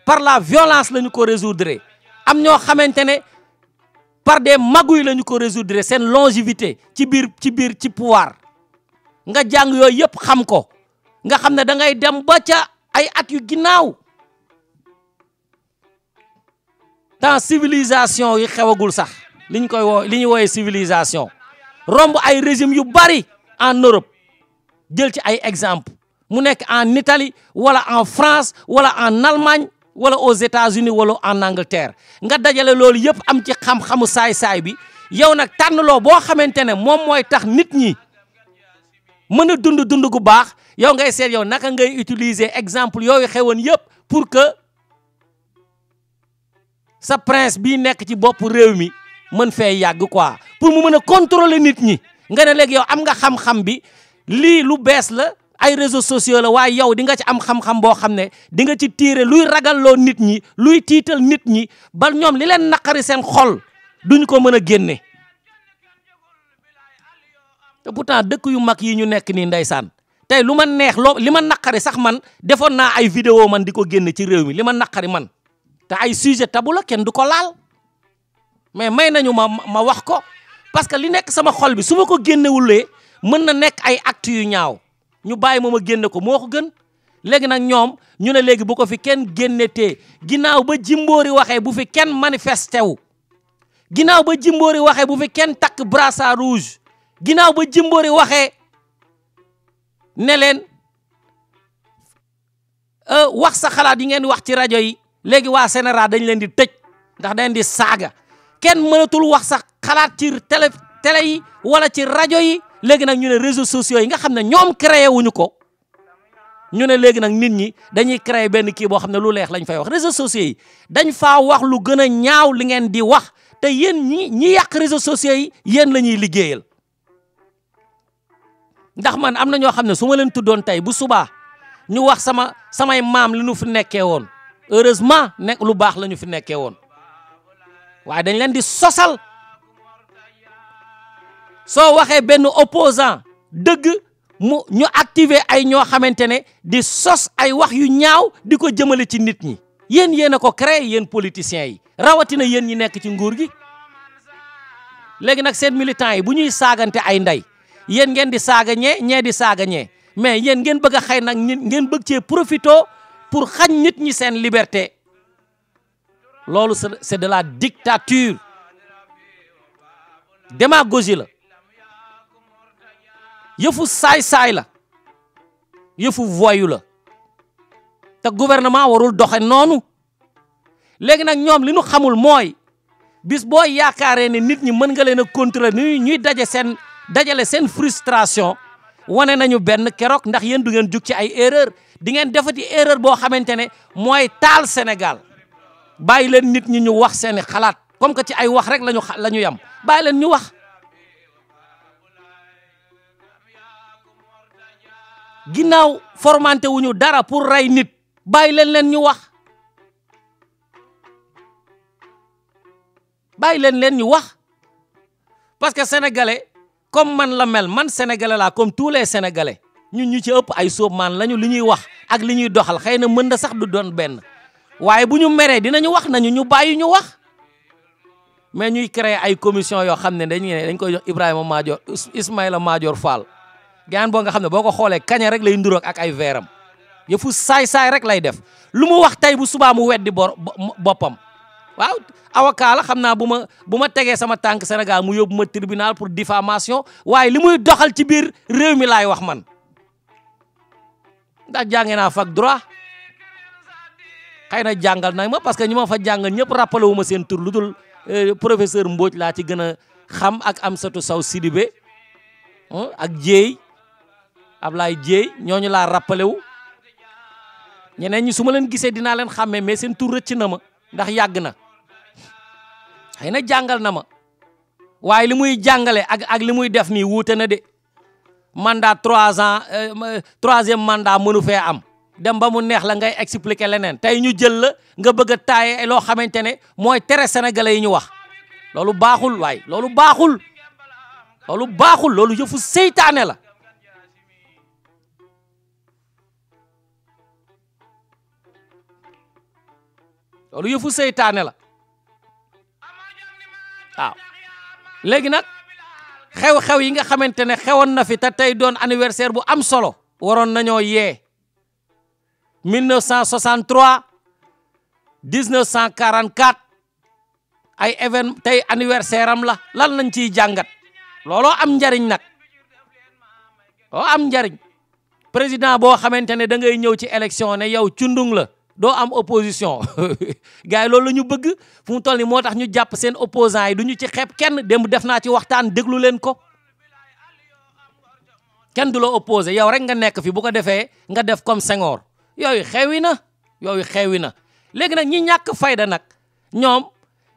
par la violence lañ ko résoudre am ño par des magouilles la ko résoudre seen longévité ci biir ci biir ci pouvoir nga jàng yooyu yëpp xam ko nga xam ne da ngay dem ba ca ay at yu ginnaaw dans civilisation yi xewagul sax liñ koy woo li ñuy wooyee civilisation romb ay régime yu bari en Europe jël ci ay exemple mu nekk en Italie wala en France wala en Allemagne wala aux États-Unis wala en Angleterre nga dajale lolou yëpp am ci xam-xamu say say bi yow nak tan lo bo xamantene mom moy tax nit ñi mën dund dund gu bax. yow ngay seet yow naka ngay utiliser exemple yooyu xewon yëpp pour que sa prince bi nek ci bop rew mi mën fay yag quoi pour mu mën contrôler nit ñi nga ne leg yow am nga xam-xam bi li lu bees la. ay réseau sociaux la waaye yow di nga ci am xam-xam boo xam ne di nga ci tiire luy ragalloo nit ñi luy tiital nit ñi ba ñoom li leen naqari seen xol duñ ko mën a génne te pourtant dëkk yu mag yi ñu nekk nii ndeysaan tey lu man neex loo li ma naqari sax man defoon naa ay video man di ko génne ci réew mi li ma naqari man te ay sujet tabu la kenn du ko laal mais may nañu ma ma wax ko parce que li nekk sama xol bi su ma ko génnewulee mën na nekk ay act yu ñaaw ñu bàyyi ma ma génne ko moo ko gën léegi nag ñoom ñu ne léegi bu ko fi kenn génnetee ginnaaw ba jimboori waxee bu fi kenn manifesté wu ginnaaw ba jimboori waxee bu fi kenn takk brassard rouge ginnaaw ba jimboori waxee ne leen euh, wax sa xalaat yi ngeen di wax ci rajo yi léegi waa Sénégal dañ leen di tëj ndax dañ di saaga kenn mënatul wax sa xalaat ci tele télé yi wala ci rajo yi léegi nag ñu ne réseaux sociaux yi nga xam ne ñoom wu ñu ko ñu ne léegi nag nit ñi dañuy créé benn kii boo xam ne lu leex lañ fay wax réseaux sociaux yi dañ faa wax lu gën a ñaaw li ngeen di wax te yéen ñi ñi yàq réseaux sociaux yi yéen la ñuy liggéeyal ndax man am na ñoo xam ne su ma leen tuddoon tey bu subaa ñu wax sama samay maam li ñu fi nekkee woon heureusement nekk lu baax la ñu fi nekkee woon waaye dañ leen di sosal soo waxee benn opposant dëgg mu ñu activer ay ñoo xamante ne di sos ay wax yu ñaaw di ko jëmale ci nit ñi yéen yéen a ko créé yéen politiciens yi rawatina yéen ñi nekk ci nguur gi léegi nag seen militants yi bu ñuy saagante ay nday yéen ngeen di saaga ñee ñee di saaga ñee mais yéen ngeen bëgg a xëy nag ngeen bëgg cee profito pour xañ nit ñi seen liberté loolu c'est de la dictature démagogie la yëfu saay-saay la yëfu voyu la te gouvernement warul doxe noonu léegi nag ñoom li ñu xamul mooy bis boo yaakaaree ne nit ñi mën nga leen a contrôler ni ñuy daje seen dajale seen frustration wane nañu benn keroog ndax yéen du ngeen jug ci ay erreur di ngeen defati erreur boo xamante ne mooy taal Sénégal bàyyi leen nit ñi ñu wax seeni xalaat comme que ci ay wax rek lañu la ñu yem leen ñu wax ginnaaw formanté wuñu dara pour rey nit bàyyi leen leen ñu wax bàyyi leen leen ñu wax parce que sénégalais comme man la mel man sénégalais comme tous les sénégalais ñu ñu ci ëpp ay sóob maan ñu li ñuy wax ak li ñuy doxal xëy na mën na sax du doon benn waaye bu ñu meree dinañu wax nañu ñu bàyyi ñu wax mais ñuy créer ay commission yoo xam ne dañu ne dañ koy jox Ibrahima Madior Ismaïla Madior Fall gaan bo nga xamne boko xolé ko rek lay nduro ak ay veeram yëfu say say rek lay def lu mu wax tay bu suba mu weddi bor boppam waaw avocat la xam buma sama tank senegal mu yobuma tribunal pour diffamation waye limuy doxal ci bir rew mi lay wax man da jàngee naa fac droit jangal na ma parce que ñuma fa jàngal ñep rappelé ma tur euh, professeur Mbodj la ci gëna xam ak Amsatou saw Sidibé ak jey Ablaye Dieye ñooñu laa rappelé wu ñeneen ñi su ma leen gisee dinaa leen xàmmee mais seen tur rëcc na ma ndax yàgg na xëy na jàngal na ma waaye li muy jàngale ak ak li muy def nii wuute na de mandat trois ans euh, euh, troisième manda mënu fee am dem ba mu neex la ngay expliquer leneen tey ñu jël la nga bëgg a taaye loo xamante ne mooy tere sénégalais yi ñu wax loolu baaxul waaye loolu baaxul loolu yëfu seytaane la loolu yeufu seytaane la waaw léegi nak xew-xew yi nga xamantene xewon na fi ta tay doon anniversaire bu am solo Waron nañoo yee 1963 1944 ay event tay anniversaire am la lan lañ ci Lolo lolo am njariñ nak? Oh am njariñ président bo xamantene da ngay ñew ci élection ne yow cundung la doo am opposition gars loolu la ñu bëgg fumu toll ni moo tax ñu jàpp seen opposants yi du ñu ci xeeb kenn démb def naa ci waxtaan déglu leen ko kenn du la opposé yow rek nga nekk fi bu ko defee nga def comme Senghor yooyu xewi na yooyu xewi na léegi nag ñi ñàkk fayda nag ñoom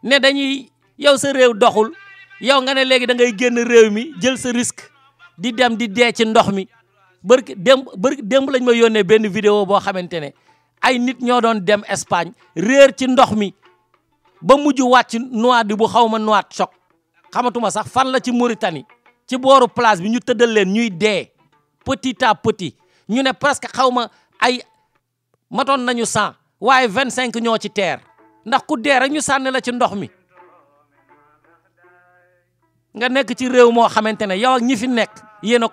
ne dañuy yow sa réew doxul yow nga ne léegi da ngay génn réew mi jël sa risque di dem di dee ci ndox mi bërki démb bërki démb lañ ma yónnee benn vidéo boo xamante ne ay nit ñoo doon dem Espagne réer ci ndox mi ba mujj wàcc di bu xawma ma choc xamatuma sax fan la ci Mauritanie ci booru place bi ñu tëddal leen ñuy dee petit à petit ñu ne presque xawma ma ay matoon nañu cent waaye vingt cinq ñoo ci teer ndax ku dee rek ñu la ci ndox mi nga nekk ci réew moo xamante ne yow ak ñi fi nekk yéen a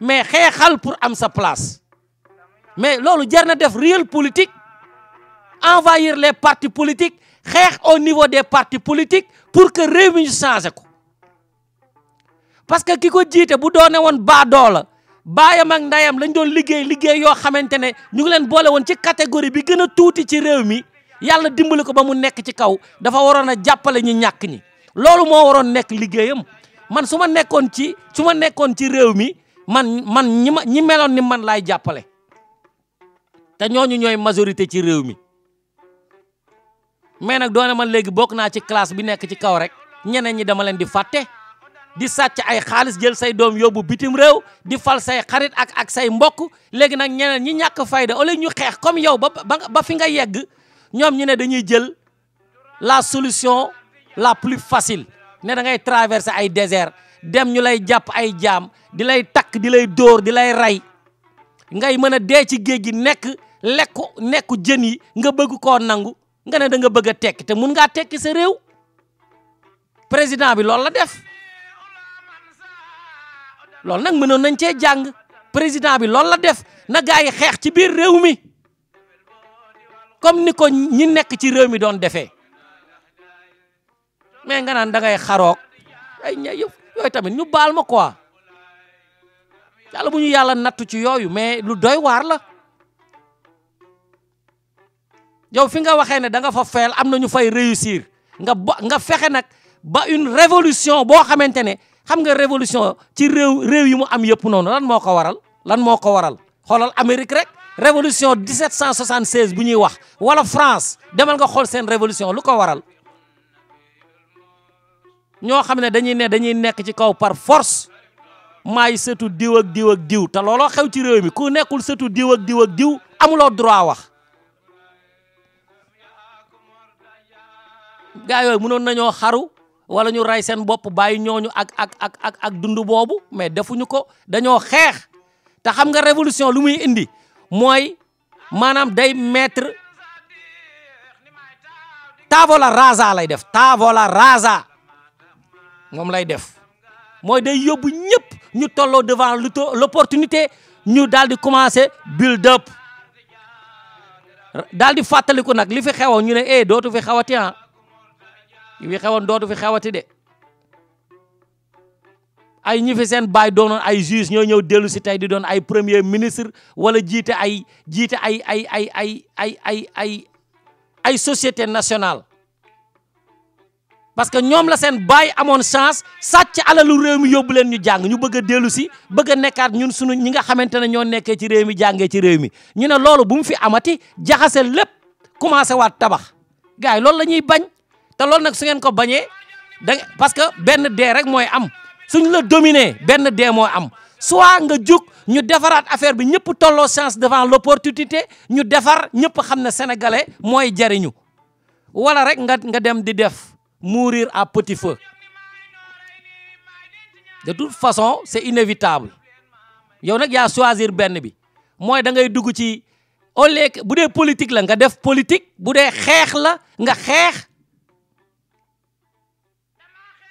mais xeexal pour am sa place mais lolu jar def réel politique envahir les partis politiques xeex au niveau des partis politiques pour que réew ñu changé ko parce que kiko jité bu doone do la bayam ak ndayam lañ doon liggéey liggéey yo xamantene ñu ngi leen bolé won ci catégorie bi gëna touti ci réew mi dimbali ko ba mu nekk ci kaw dafa warona jappalé ñi ñak ñi lolu mo nekk liggéeyam man suma ma ci suma ma ci man man ñi ma meloon ni man lay jappalé te ñu ñooy majorité ci réew mi mais nag doone man léegi bokk naa ci classe bi nekk ci kaw rek ñeneen ñi dama leen di fàtte di sàcc ay xaalis jël say doom yobbu bitim réew di fal say xarit ak ak say mbokk léegi nag ñeneen ñi ñàkk fayda au ñu xeex comme yow ba ba fi nga yegg ñoom ñu ne dañuy jël la solution la plus facile ne da ngay traverser ay désert dem ñu lay jàpp ay jaam di lay takk di lay dóor di lay rey ngay mën a dee ci géej gi nekk lekku nekku jën yi nga bëgg koo nangu nga ne da nga bëgg a tekki te mun ngaa tekki sa réew président bi loolu la def loolu nag mënoon nañ cee jàng président bi loolu la def na gaa yi xeex ci biir réew mi comme ni ko ñi nekk ci réew mi doon defee mais nga naan da ngay xaroog ay ña yooyu tamit ñu baal ma quoi yàlla bu ñu yàlla nattu ci yooyu mais lu doy waar la yow fi nga waxee ne da nga fa feel am na ñu fay réussir nga ba nga fexe nag ba une révolution boo xamante ne xam nga révolution ci réew réew yi mu am yëpp noonu lan moo ko waral lan moo ko waral xoolal Amérique rek révolution 1776 bu ñuy wax wala France demal nga xool seen révolution lu ko waral ñoo xam ne dañuy ne dañuy nekk ci kaw par force maay sëtu diw ak diw ak diw te looloo xew ci réew mi ku nekkul surtout diw ak diw ak diw amuloo droit wax gaa yooyu mënoon nañoo xaru wala ñu rey seen bopp bàyyi ñooñu ak ak ak ak ak dund boobu mais defuñu ko dañoo xeex te xam nga révolution lu muy indi mooy maanaam day mettre tavola rasa lay def tavola rasa moom lay def mooy day yóbbu ñëpp ñu tolloo devant l'opportunité ñu daal di commencer build up daal di fàttaliku nag li fi xewoon ñu ne eh dootu fi xawati ah. yi xewoon dootu fi xewati de ay ñi seen baay doonoon ay juge ñoo ñëw dellu si tey di doon ay premier ministre wala jiite ay jiite ay ay ay ay ay ay ay ay société nationale parce que ñoom la seen baay amoon chance sàcc lu réew mi yóbbu leen ñu jàng ñu bëgg a dellu si bëgg a nekkaat ñun sunu ñi nga xamante ne ñoo nekkee ci réew mi jàngee ci réew mi ñu ne loolu bu mu fi amati jaxase lépp commencé waat tabax gars yi la ñuy bañ te loolu nag su ngeen ko bañee da parce que benn dee rek mooy am suñ la dominer benn dee mooy am soit nga jug ñu defaraat affaire bi ñëpp tolloo chance devant l'opportunité ñu defar ñëpp xam ne sénégalais mooy jariñu wala rek nga nga dem di def mourir à petit feu de toute façon c'est inévitable yow nag yaa choisir benn bi mooy da ngay dugg ci au lieu bu dee politique la nga def politique bu dee xeex la nga xeex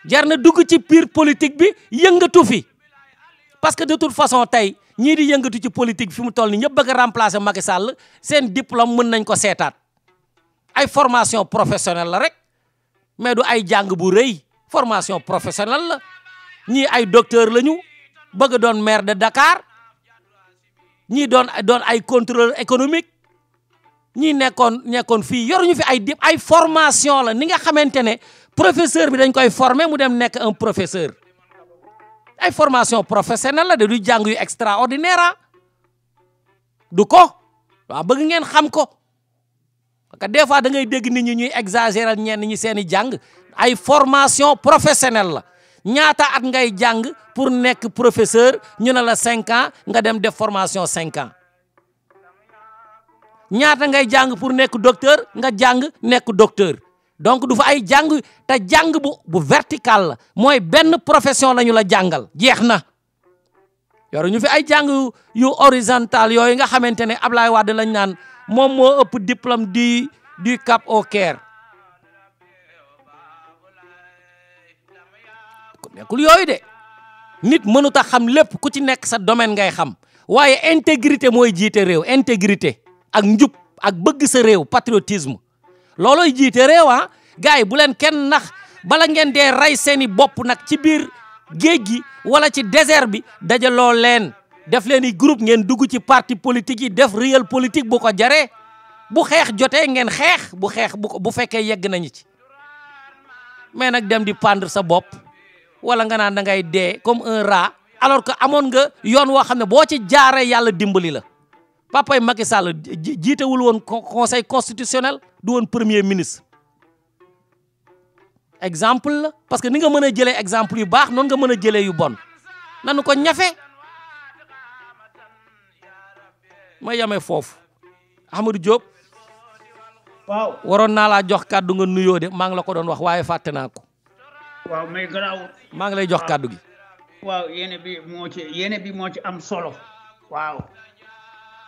jar na dugg ci biir politique bi yëngatu fi parce que de toute façon tay ñi di yëngatu ci politique fi mu toll ni ñepp bëgg a remplacer Macky Sall seen diplôme mën nañ ko sétat ay formation professionnelle la rek mais du ay jang bu reuy formation professionnelle la ay docteur lañu bëgg doon maire de Dakar ñi don doon ay contrôleur économique ñii nekkon nekkoon fii yoruñu fi ay dip ay formation la ni nga xamantene professeur bi dañ koy former mu dem nek un professeur ay formation professionnelle la de du jang yu extraordinaire ah. du ko wa bëgg ngeen xam ko parce que des fois da ngay dégg nit ñi ñuy exagérer ñen ñi seen i ay formation professionnelle la ñaata at ngay jang pour nek professeur ñu na la 5 ans nga dem def formation 5 ans ñaata ngay jang pour nek docteur nga jang nek docteur donc du fa ay jang ta jang bu bu vertical moy ben profession lañu la jangal jeexna yor ñu fi ay jang yu horizontal yoy nga xamantene ne Ablaye Wade lañ nan mom mo ëpp diplôme di du Cap au Caire nekkul yoy de nit mënu a xam lepp ku ci nekk sa domaine ngay xam waye intégrité moy jité réew intégrité ak njub ak bëgg sa réew patriotisme loolooy jiite réew ah gars yi bu leen kenn nax bala ngeen dee rey seeni bopp nag ci biir géej gi wala ci désert bi dajaloo leen def leen i groupe ngeen dugg ci parti politique yi def réel politique bu ko jaree bu xeex jotee ngeen xeex bu xeex bu bu fekkee yegg nañu ci mais nag dem di pendre sa bopp wala nga naan da ngay dee comme un rat alors que amoon nga yoon woo xam ne boo ci jaaree yàlla dimbali la papay Macky Sall jiitewul woon conseil constitutionnel du woon premier ministre exemple la parce que ni nga mën a jëlee exemple yu baax noonu nga mën a jëlee yu bon nanu ko ñafe ma yamee foofu Amadou Diop waaw waroon naa laa jox kàddu nga nuyoo maa ngi la ko doon wax waaye fàtte naa ko waaw maa ngi lay jox kàddu gi waaw yéene bi moo ci am solo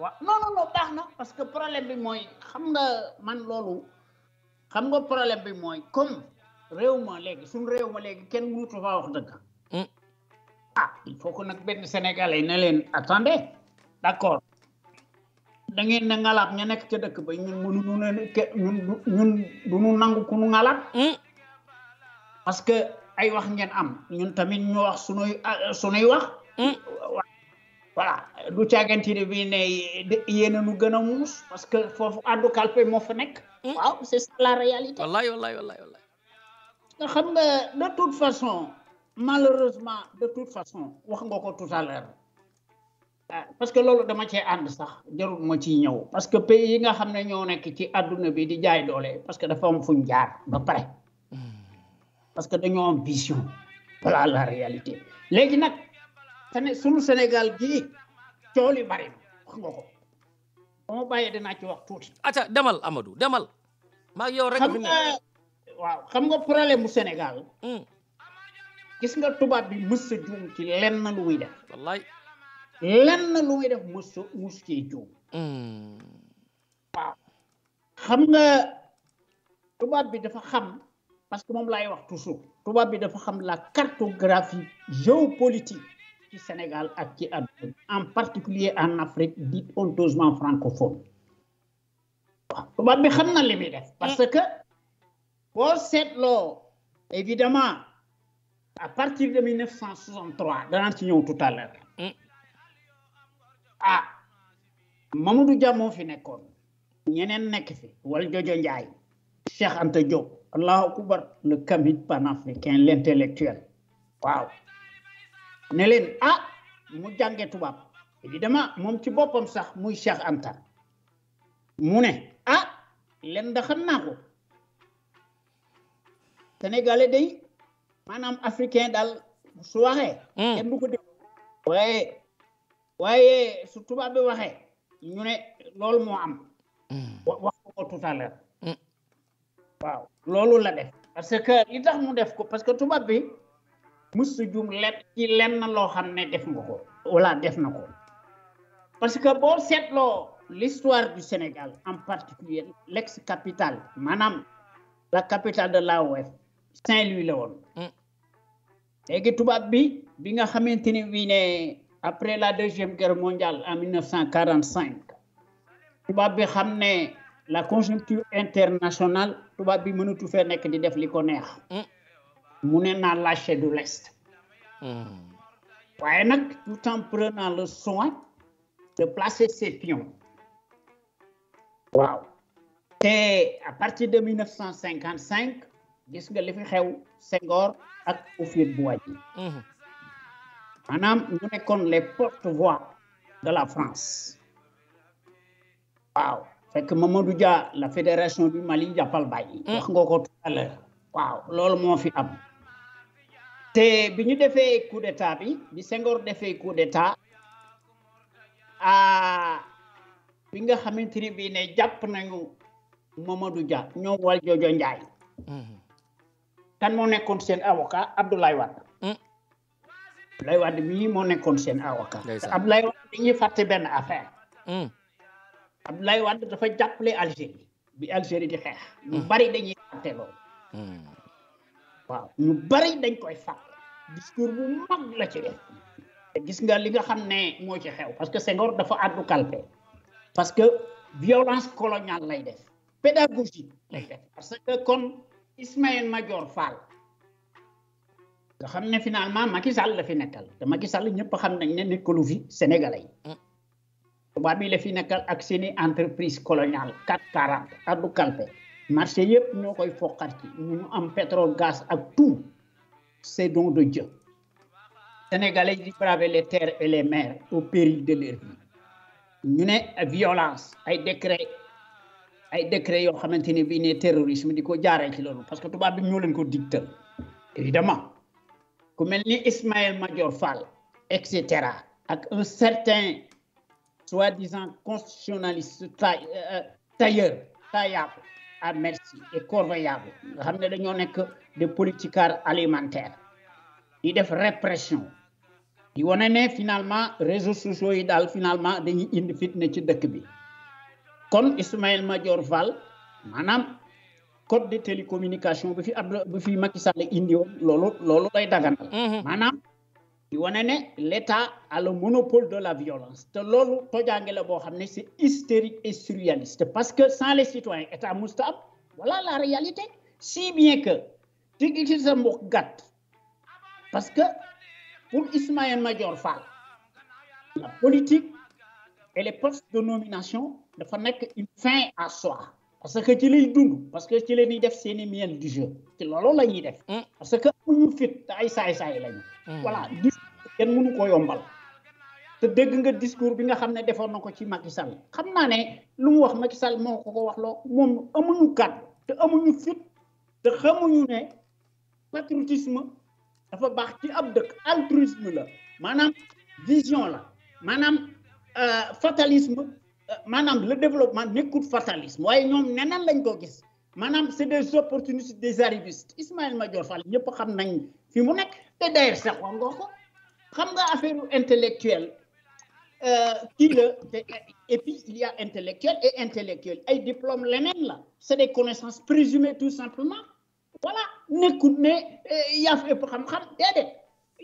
non non non baax na parce que problème bi mooy xam nga man loolu xam nga problème bi mooy comme réew ma léegi suñ réew ma léegi kenn wax dëgg hmm. ah il faut que nag benn sénégalais ne leen attendez d' accord da ngeen ne ngalaat ña nekk ca dëkk ba ñun mënuñu ne ñun ñun du ñu nangu ku ñu ngalaat hmm. parce que ay wax ngeen am ñun tamit ñu wax sunuy ah, sunuy wax hmm. voilà nous avons ne nu parce que addu hmm? c'est ça la réalité. de toute façon malheureusement de toute façon wax nga ko tout à l'heure ah, parce que loolu dama cee ànd sax jarul ma Je ñëw parce que pays yi nga xam ci parce que hmm. que vision voilà la réalité tamit sunu Sénégal gii cool yi bari wax nga ba mu bàyyee dinaa ci wax tuuti. ata demal Amadou demal. maa yow rek xam nga waaw xam nga problème mu Sénégal. Hmm. gis nga tubaab bi mës a juum ci lenn lu muy def. wallaay lenn lu muy def mës a hmm. xam nga tubaab bi dafa xam parce que moom lay wax toujours tubaab bi dafa xam la cartographie géopolitique. ci Sénégal ak ci en particulier en Afrique dit honteusement francophone tubaab bi xam na li def parce que cette loi, évidemment à partir de 1963 dans ci ñëw tout à l'heure ah Mamadou Dia fi nekkoon ñeneen nekk fi wal jojo Njaay Cheikh Anta Diop allahu akbar le kamit panafricain l' intellectuel waaw ne leen ah mu jànge tubaab évidemment moom ci boppam sax muy Cheikh Anta mu ne ah leen da xam naa day maanaam africain dal su waxee hmm. kenn du ko dégg waaye waaye su tubaab bi waxee ñu ne loolu moo am hmm. wax ko tout à hmm. loolu la def parce que li tax mu def ko parce que tubaab bi mus sa lepp ci lenn loo xam ne def nga ko wala def na ko parce que boo seetloo l'histoire du Sénégal en particulier l'ex-capitale maanaam la capitale de la l'AOF Saint-Louis la woon mm. léegi tubaab bi bi nga xamante ni wii ne après la deuxième guerre mondiale en 1945 tubaab bi xam ne la conjoncture internationale tubaab bi mënatu fee nekk di def li ko neex mm mu ne lâché du lest tout en prenant le soin de placer ses pions Wow. Et à partir de 1955 gis nga li fi xew Senghor ak Houphouët-Boigny maanaam ñu comme les porte-voix de la France waaw que Mamadou Dia la fédération du Mali jàppal bàyyi wax nga ko tout à l'heure waaw loolu moo fi am te bi ñu defee coup d'état bi bi Senghor defee coup d'état a bi nga xamante ni bii ne jàpp nañu Mamadou Dia ñoom wal jojo Ndiaye kan moo nekkoon seen avocat Abdoulaye lay mm. Abdoulaye Wade mii moo nekkoon seen avocat Abdoulaye Wade dañuy fàtte benn affaire mm. Abdoulaye Wade dafa jàppale Algérie bi Algérie di xeex ñu mm. bari dañuy fàtte loolu waaw ñu bari dañ koy fàtt discours bu mag la ci def gis nga li nga xam ne moo ci xew parce que Senghor dafa addu calpe parce que violence coloniale lay def pédagogie lay def parce que kon Ismaël Madior Fall nga xam ne finalement Macky Sall la fi nekkal te Macky Sall ñëpp xam nañ ne nekkalu fi sénégalais yi mm. tubaab yi la fi nekkal ak seeni entreprise coloniale 440 addu calpe marché yépp ñoo koy foqar ci ñu am pétrole gaz ak tout c'est don de Dieu sénégalais di braver les terres et les mers au péril de leur vie ñu ne violence ay décret ay décret yoo xamante ni bii terrorisme di ko jaaree ci loolu parce que tubaab bi ñoo leen ko digtal évidemment ku mel Ismaël Madior Fall et un certain soi-disant constitutionnaliste tailleur tailleur à ah, merci et corvéable nga xam ne dañoo nekk des politicards alimentaire di def répression di wane ne finalement réseaux sociaux yi daal finalement dañuy indi fitna ci dëkk bi kon Ismaïla Madior Fall maanaam code de télécommunication bi fi Abdou bi fi Macky Sall indi woon loolu loolu lay daganal mhm. maanaam l'État a le monopole de la violence te c'est hystérique et surréaliste parce que sans les citoyens état musta voilà la réalité si bien que parce que pour Ismaël Major Fall la politique et les postes de nomination ne font une fin à soi parce que tu lay dund parce que tu l'es ñuy C'est une mienne du jeu lolo la mm. parce que amuñu fit ay Hmm. voilà kenn mënu ko yombal te dégg nga discours nga ci Macky Sall lu wax ko wax te amuñu te xamuñu patriotisme dafa altruisme la vision la manam euh, fatalisme euh, manam le développement nekkut fatalisme lañ ko gis c'est des opportunistes des arrivistes ismaël Madior Fall ñepp xam fi mu nekk te d'ailleurs sax wam nga ko xam nga affaire intellectuel euh kii la te et puis il y a intellectuel et intellectuel ay diplôme leneen la c'est des connaissances présumées tout simplement voilà nekkut ne euh, yaa fi ëpp xam-xam déedéet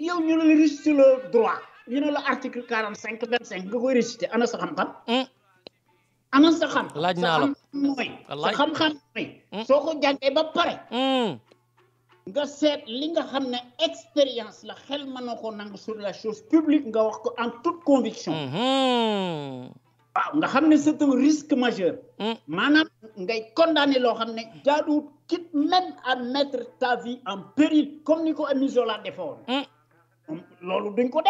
yow ñu ne la récité le droit ñu ne la article 45 25 vingt cinq nga koy récité ana sa xam-xam hmm. ana sa xam laaj naa la mooy sa xam-xam mooy hmm. soo ko jàngee ba pare hmm nga seet li nga expérience la sur la chose publique en toute conviction mm-hmm. nga c'est un risque majeur mm. maanaam ngay condamné loo xam ne jaaduwut quitte même à mettre ta vie en péril comme mm. duñ ko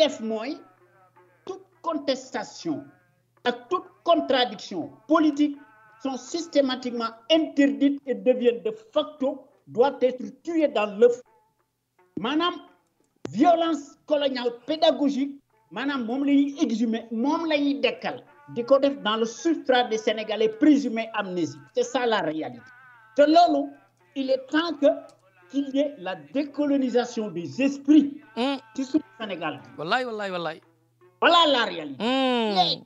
def li toute contestation toute contradiction politique sont systématiquement interdites et deviennent de facto, doivent être tuées dans l'œuf. Madame, violence coloniale pédagogique Madame, mom dans le substrat des Sénégalais présumés amnésiques c'est ça la réalité de là, il est temps que qu'il y ait la décolonisation des esprits hmm. sont sont Sénégal voilà la réalité hmm.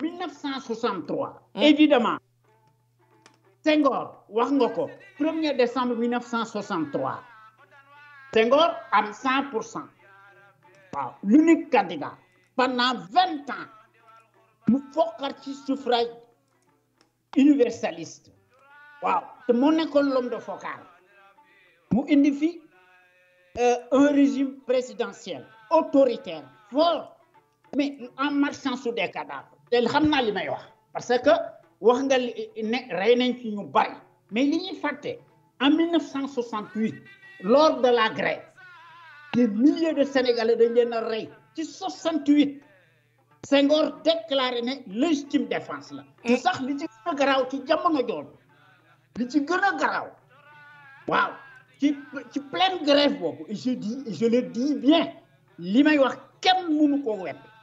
1963. Hein? évidemment Senghor 1er décembre 1963 Senghor à 100 l'unique candidat pendant 20 ans nous, fokkar suffrage universaliste waaw c'est mon l'homme de fokar nous indi euh, un régime présidentiel autoritaire fort mais en marchant sous des cadavres te xam naa li may wax parce que wax nga ne rey nañ ci ñu bari mais li ñuy fàtte en 1968 lors de la grève des milliers de sénégalais dañ leen a rey ci 68 Senghor déclaré ne légitime défense la. te sax li ci gën a garaaw ci jamono jooju li ci gën a garaaw waaw ci ci pleine grève boobu je dis je le dis bien li may wax kenn mënu ko wet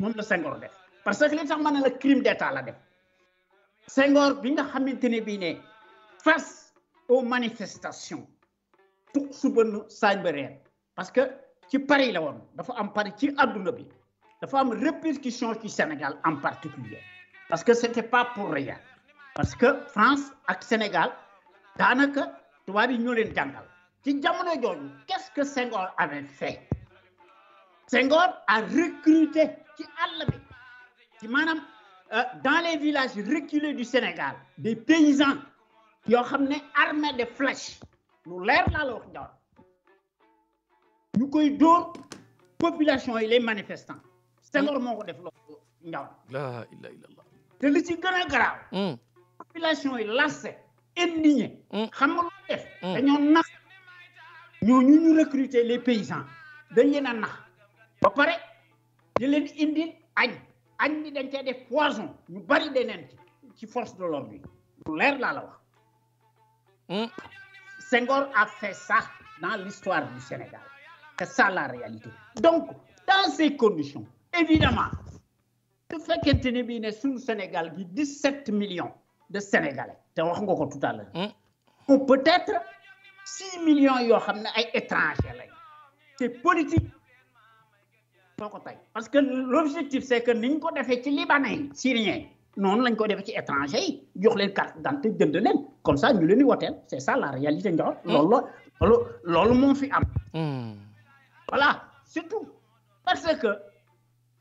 moom la sengor def parce que li tax ma la crime d'état la def Senghor bi nga face aux manifestations tout subanu saañ ba parce que ci Paris la won dafa am Paris ci aduna bi dafa am change ci Sénégal en particulier parce que c'était pas pour rien parce que France ak Sénégal ont tuba bi ñoo leen jangal ci jamono qu'est-ce que Senghor avait fait Senghor a recruté ci àll bi ci maanaam euh, dans les villages reculés du Sénégal des paysans yoo xam ne armés de flèches lu leer laa la wax dawal ñu koy population yi les manifestants c'est moo ko def loolu ndaw la ilaha illallah te li ci gën a hmm. population yi lassé indigné hmm. xam nga lu def hmm. dañoo nax ñu ñu recruter les paysans dañ leen a nax ba pare il y indi des poisons bi dañ def ñu bari de ci force de l'ordre leer la wax hmm. Senghor a fait ça dans l'histoire du Sénégal c'est ça la réalité donc dans ces conditions évidemment le fait que ne est sous le Sénégal 17 millions de Sénégalais te tout à l'heure hmm. ou peut-être 6 millions d'étrangers, c'est étrangers politique parce que l'objectif c'est que niñ ko defee ci libanais yi syriens Non, noonu lañ ko defee ci étranger yi jox leen carte d'identité de leen comme ça ñu le di woteel c'est ça la réalité nga hmm. loolu la loolu loolu moo fi am hmm. voilà tout parce que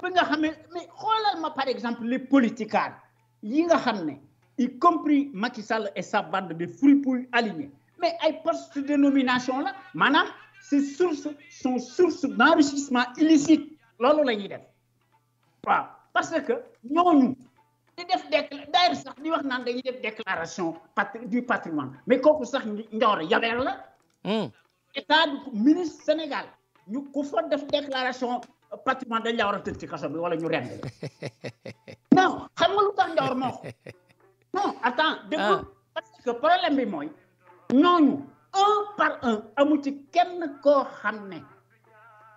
bi nga mais xoolal ma par exemple les politicards yi nga y compris Macky Sall et sa bande de fripouilles alignés mais ay poste de nomination là, maanaam ces sources sont sources d'enrichissement illicite loolu la ñuy def waaw parce que ñooñu di def décla d'ailleurs sax di wax naan dañuy def déclaration du patrimoine mais kooku sax njoor yabeer la hmm. état du ministre Sénégal ñu ku fa def déclaration patrimoine dañ la war a tëj ci kaso bi wala ñu rend non xam nga lu tax njoor moo non attends dégg ah. parce que problème bi mooy ñooñu un par un amu ci kenn koo xam ne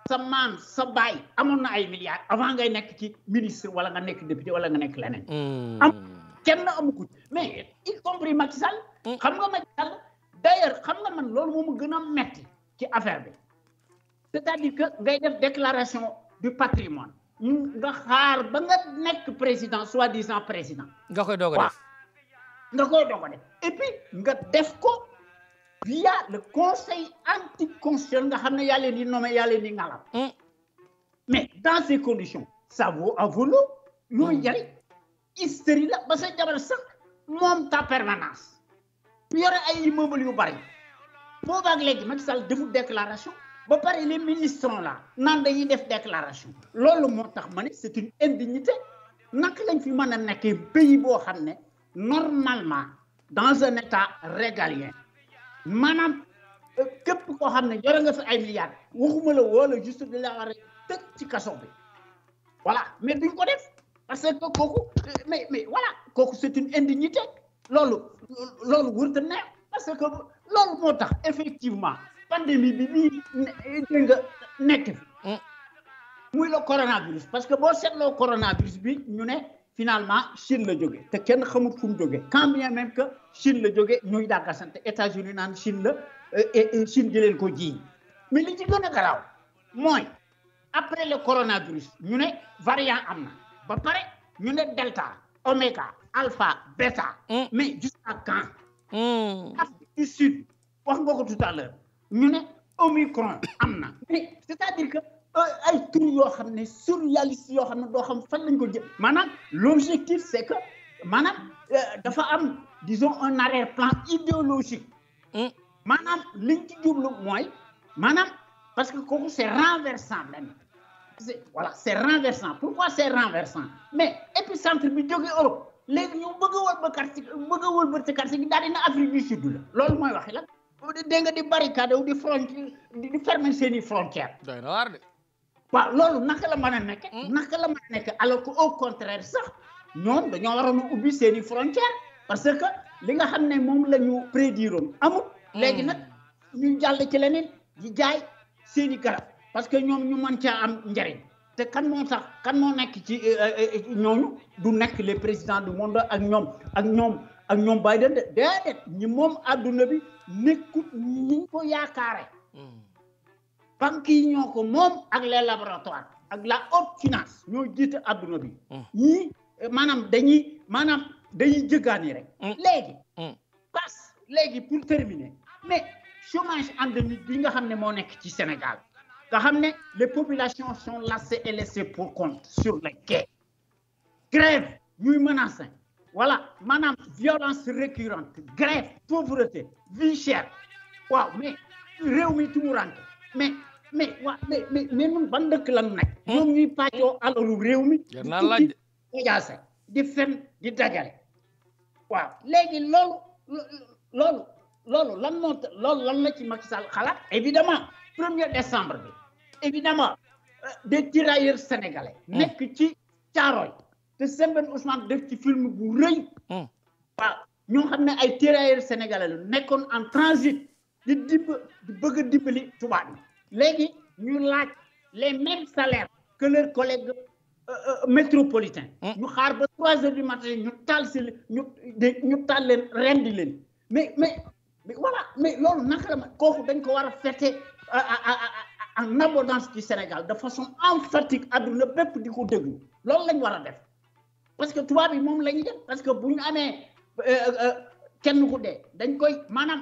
sa maam sa baay amoon na ay milliards avant ngay nekk ci ministre wala nga nekk député wala nga nekk leneen. Hmm. am kenn amu ko mais y compris Macky Sall. Hmm. xam nga Macky Sall d'ailleurs xam nga man loolu moom mu gën a metti ci affaire bi c'est-à-dire que ngay def déclaration du patrimoine nga xaar ba nga nekk président soit disant président. nga koy doog a def nga koy doog a def et puis nga def ko. via le conseil anticonstitutionnel nga xam ne nommé yaa leen mm. mais dans ces conditions ça vaut à volo mm. nous jari hystérie la ba sa jabar sax moom ta permanence Pour ay immeuble au bari Pour léegi Macky Sall deful déclaration ba pare les ministres là naan dañuy def déclaration loolu moo tax c'est une indignité naka lañ fi mën a pays beau, normalement dans un état régalien manam que euh, vous xam nga fi ay milliards waxuma la juste de la ci voilà mais duñ parce que mais voilà c'est une indignité parce que effectivement pandémie bi mm. le coronavirus parce que c'est le coronavirus bi ñu finalement Chine le jóge te kenn xamut fum mu quand bien même que Chine la jóge ñuy dagga sant États-Unis naan Chine la euh, Chine di leen ko di. mais li ci gën a garaaw après le coronavirus ñu ne variant amna. na ba pare ñu delta oméga alpha bêta mm. mais jusqu'à quand mm. du Sud wax nga tout à l'heure ñu ne omicron amna. mais c'est-à-dire que ay tur yo xamné ne surréaliste yoo xam ne xam fan lañ ko jël manam l'objectif c'est que manam euh, dafa am disons un arrière-plan idéologique manam hmm. liñ ci jublu moy manam parce que kooku c'est renversant même c'est voilà c'est renversant pourquoi c'est renversant mais épicentre bi jógee Europe légui ñu bëgg a wër ba quartier bëgg a wër ba ci gi dina Afrique du Sud la loolu moy waxi la dégg nga di barricade ou di frontière di fermer seen i frontière doy de waaw loolu naka la man a nekk hmm? naka la mën a nekk alors que au contraire sax ñoom dañoo waroon a ubbi seen frontière parce que li nga xam ne moom lañu ñu prédiroon amul hmm. léegi nag ñu jàll ci leneen di jaay seeni i garab parce que ñoom ñu mën caa am njariñ te kan moo tax kan moo nekk ci euh, euh, euh, ñooñu du nekk le présidents du monde ak ñoom ak ñoom ak ñoom Biden de ñi moom adduna bi nekkut ñi ko yaakaare hmm. banque yi ñoo ko ak les laboratoires ak la haute finance ñoo jité aduna bi. madame manam dañuy manam dañuy rek. Mm. légui mm. pour terminer. mais chômage bi nga Sénégal. nga les populations sont lassées et laissées pour compte sur les quais. grève voilà madame violence récurrente grève pauvreté vie chère waaw mais mais mais waa mais mais mais ñun ban dëkk lan nag. Hmm? ñoom ñuy pàccoo alalu réew mi. naa laaj di yaase di fen di dajale. waaw léegi loolu loolu loolu lan moo loolu lan la ci Macky Sall xalaat évidemment premier décembre bi évidemment euh, des tirailleurs sénégalais. Hmm. nekk ci Caaroy. te Sembène Ousmane def ci film bu rëy. Hmm. waaw ñoo xam ne ay tirailleurs sénégalais la nekkoon en transit. di dimb di bëgg a dimbali tubaab bi léegi ñu laaj les mêmes salaires que leurs collègues euh, euh, métropolitains hmm. ñu xaar ba trois heures du matin ñu tal si ñu ñu taal leen rendi leen mais mais mais voilà mais loolu naka la ma kooku dañ ko war a fêter euh, en abondance du Sénégal de façon emphatique àdduna bépp di ko déglu loolu lañ war a def parce que tubaab bi moom la def parce que bu ñu amee kenn ku dee dañ koy maanaam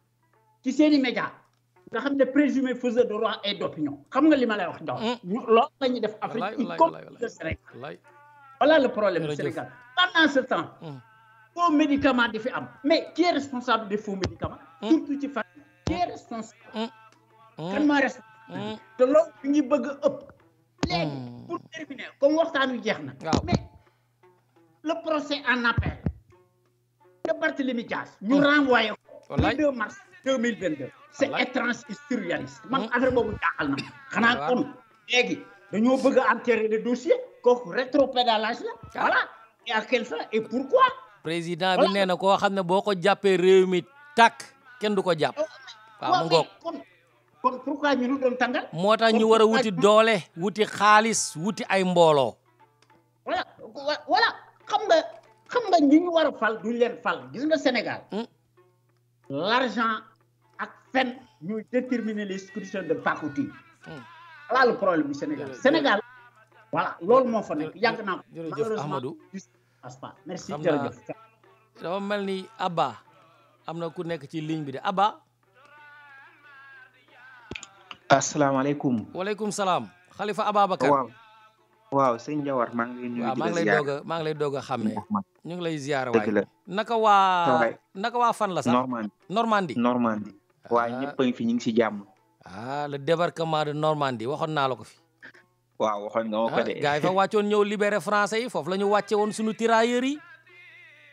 Qui s'est dit, médias nga xam ne présumé faiseur de droit et d'opinion Comme le li ma lay wax donc mm. loolu la ñuy def Afrique le Sénégal voilà le problème le Sénégal pendant ce temps mm. faux médicaments di fi mais qui est responsable des faux médicaments mm. surtout ci fan qui est responsable kan est responsable De loolu ñu ngi bëgg a pour terminer comme waxtaan wi dit. mais le procès en appel de Barthélémy Dias nous renvoyons le 2 mars deux mille vingt deux c' est étrange et surréaliste man affaire boobu xanaa kon léegi dañoo bëgg a enterrer le dossier kooku rétropédalage la ah. voilà et président bi nee na koo xam ne boo ko jàppee réew mi tàkk kenn du ko jàpp oh, waaw mu ngoog kon pourquoi ñu doon tàngal moo tax ñu war a wuti doole wuti xaalis wuti ay mbooloo voilà voilà xam nga xam nga ñi ñu a fal duñ leen fal gis nga Sénégal fen ñu déterminer les structures de faculté hmm. là le problème du Sénégal Sénégal voilà lool mo fa nek yag na Amadou Aspa merci jërëjëf dafa mel ni Abba amna ku nek ci ligne bi de Abba assalamu alaykum wa alaykum salam Khalifa Ababacar wow. waaw sëñ Jawar maa ngi ñu nuyu maa ngi lay doog a ngi lay doog a ñu ngi lay ziar way naka wa naka wa fan la sax Normandie Normandie Normandie Ah. waaye ñëpp fi ñu ngi si jàmm. ah le débarquement de Normandie waxoon naa la ko fi. waaw waxoon nga ma ko ah, de. gars yi fa wàccoon ñëw libere français yi foofu lañu wàcce woon suñu tirailleurs yi.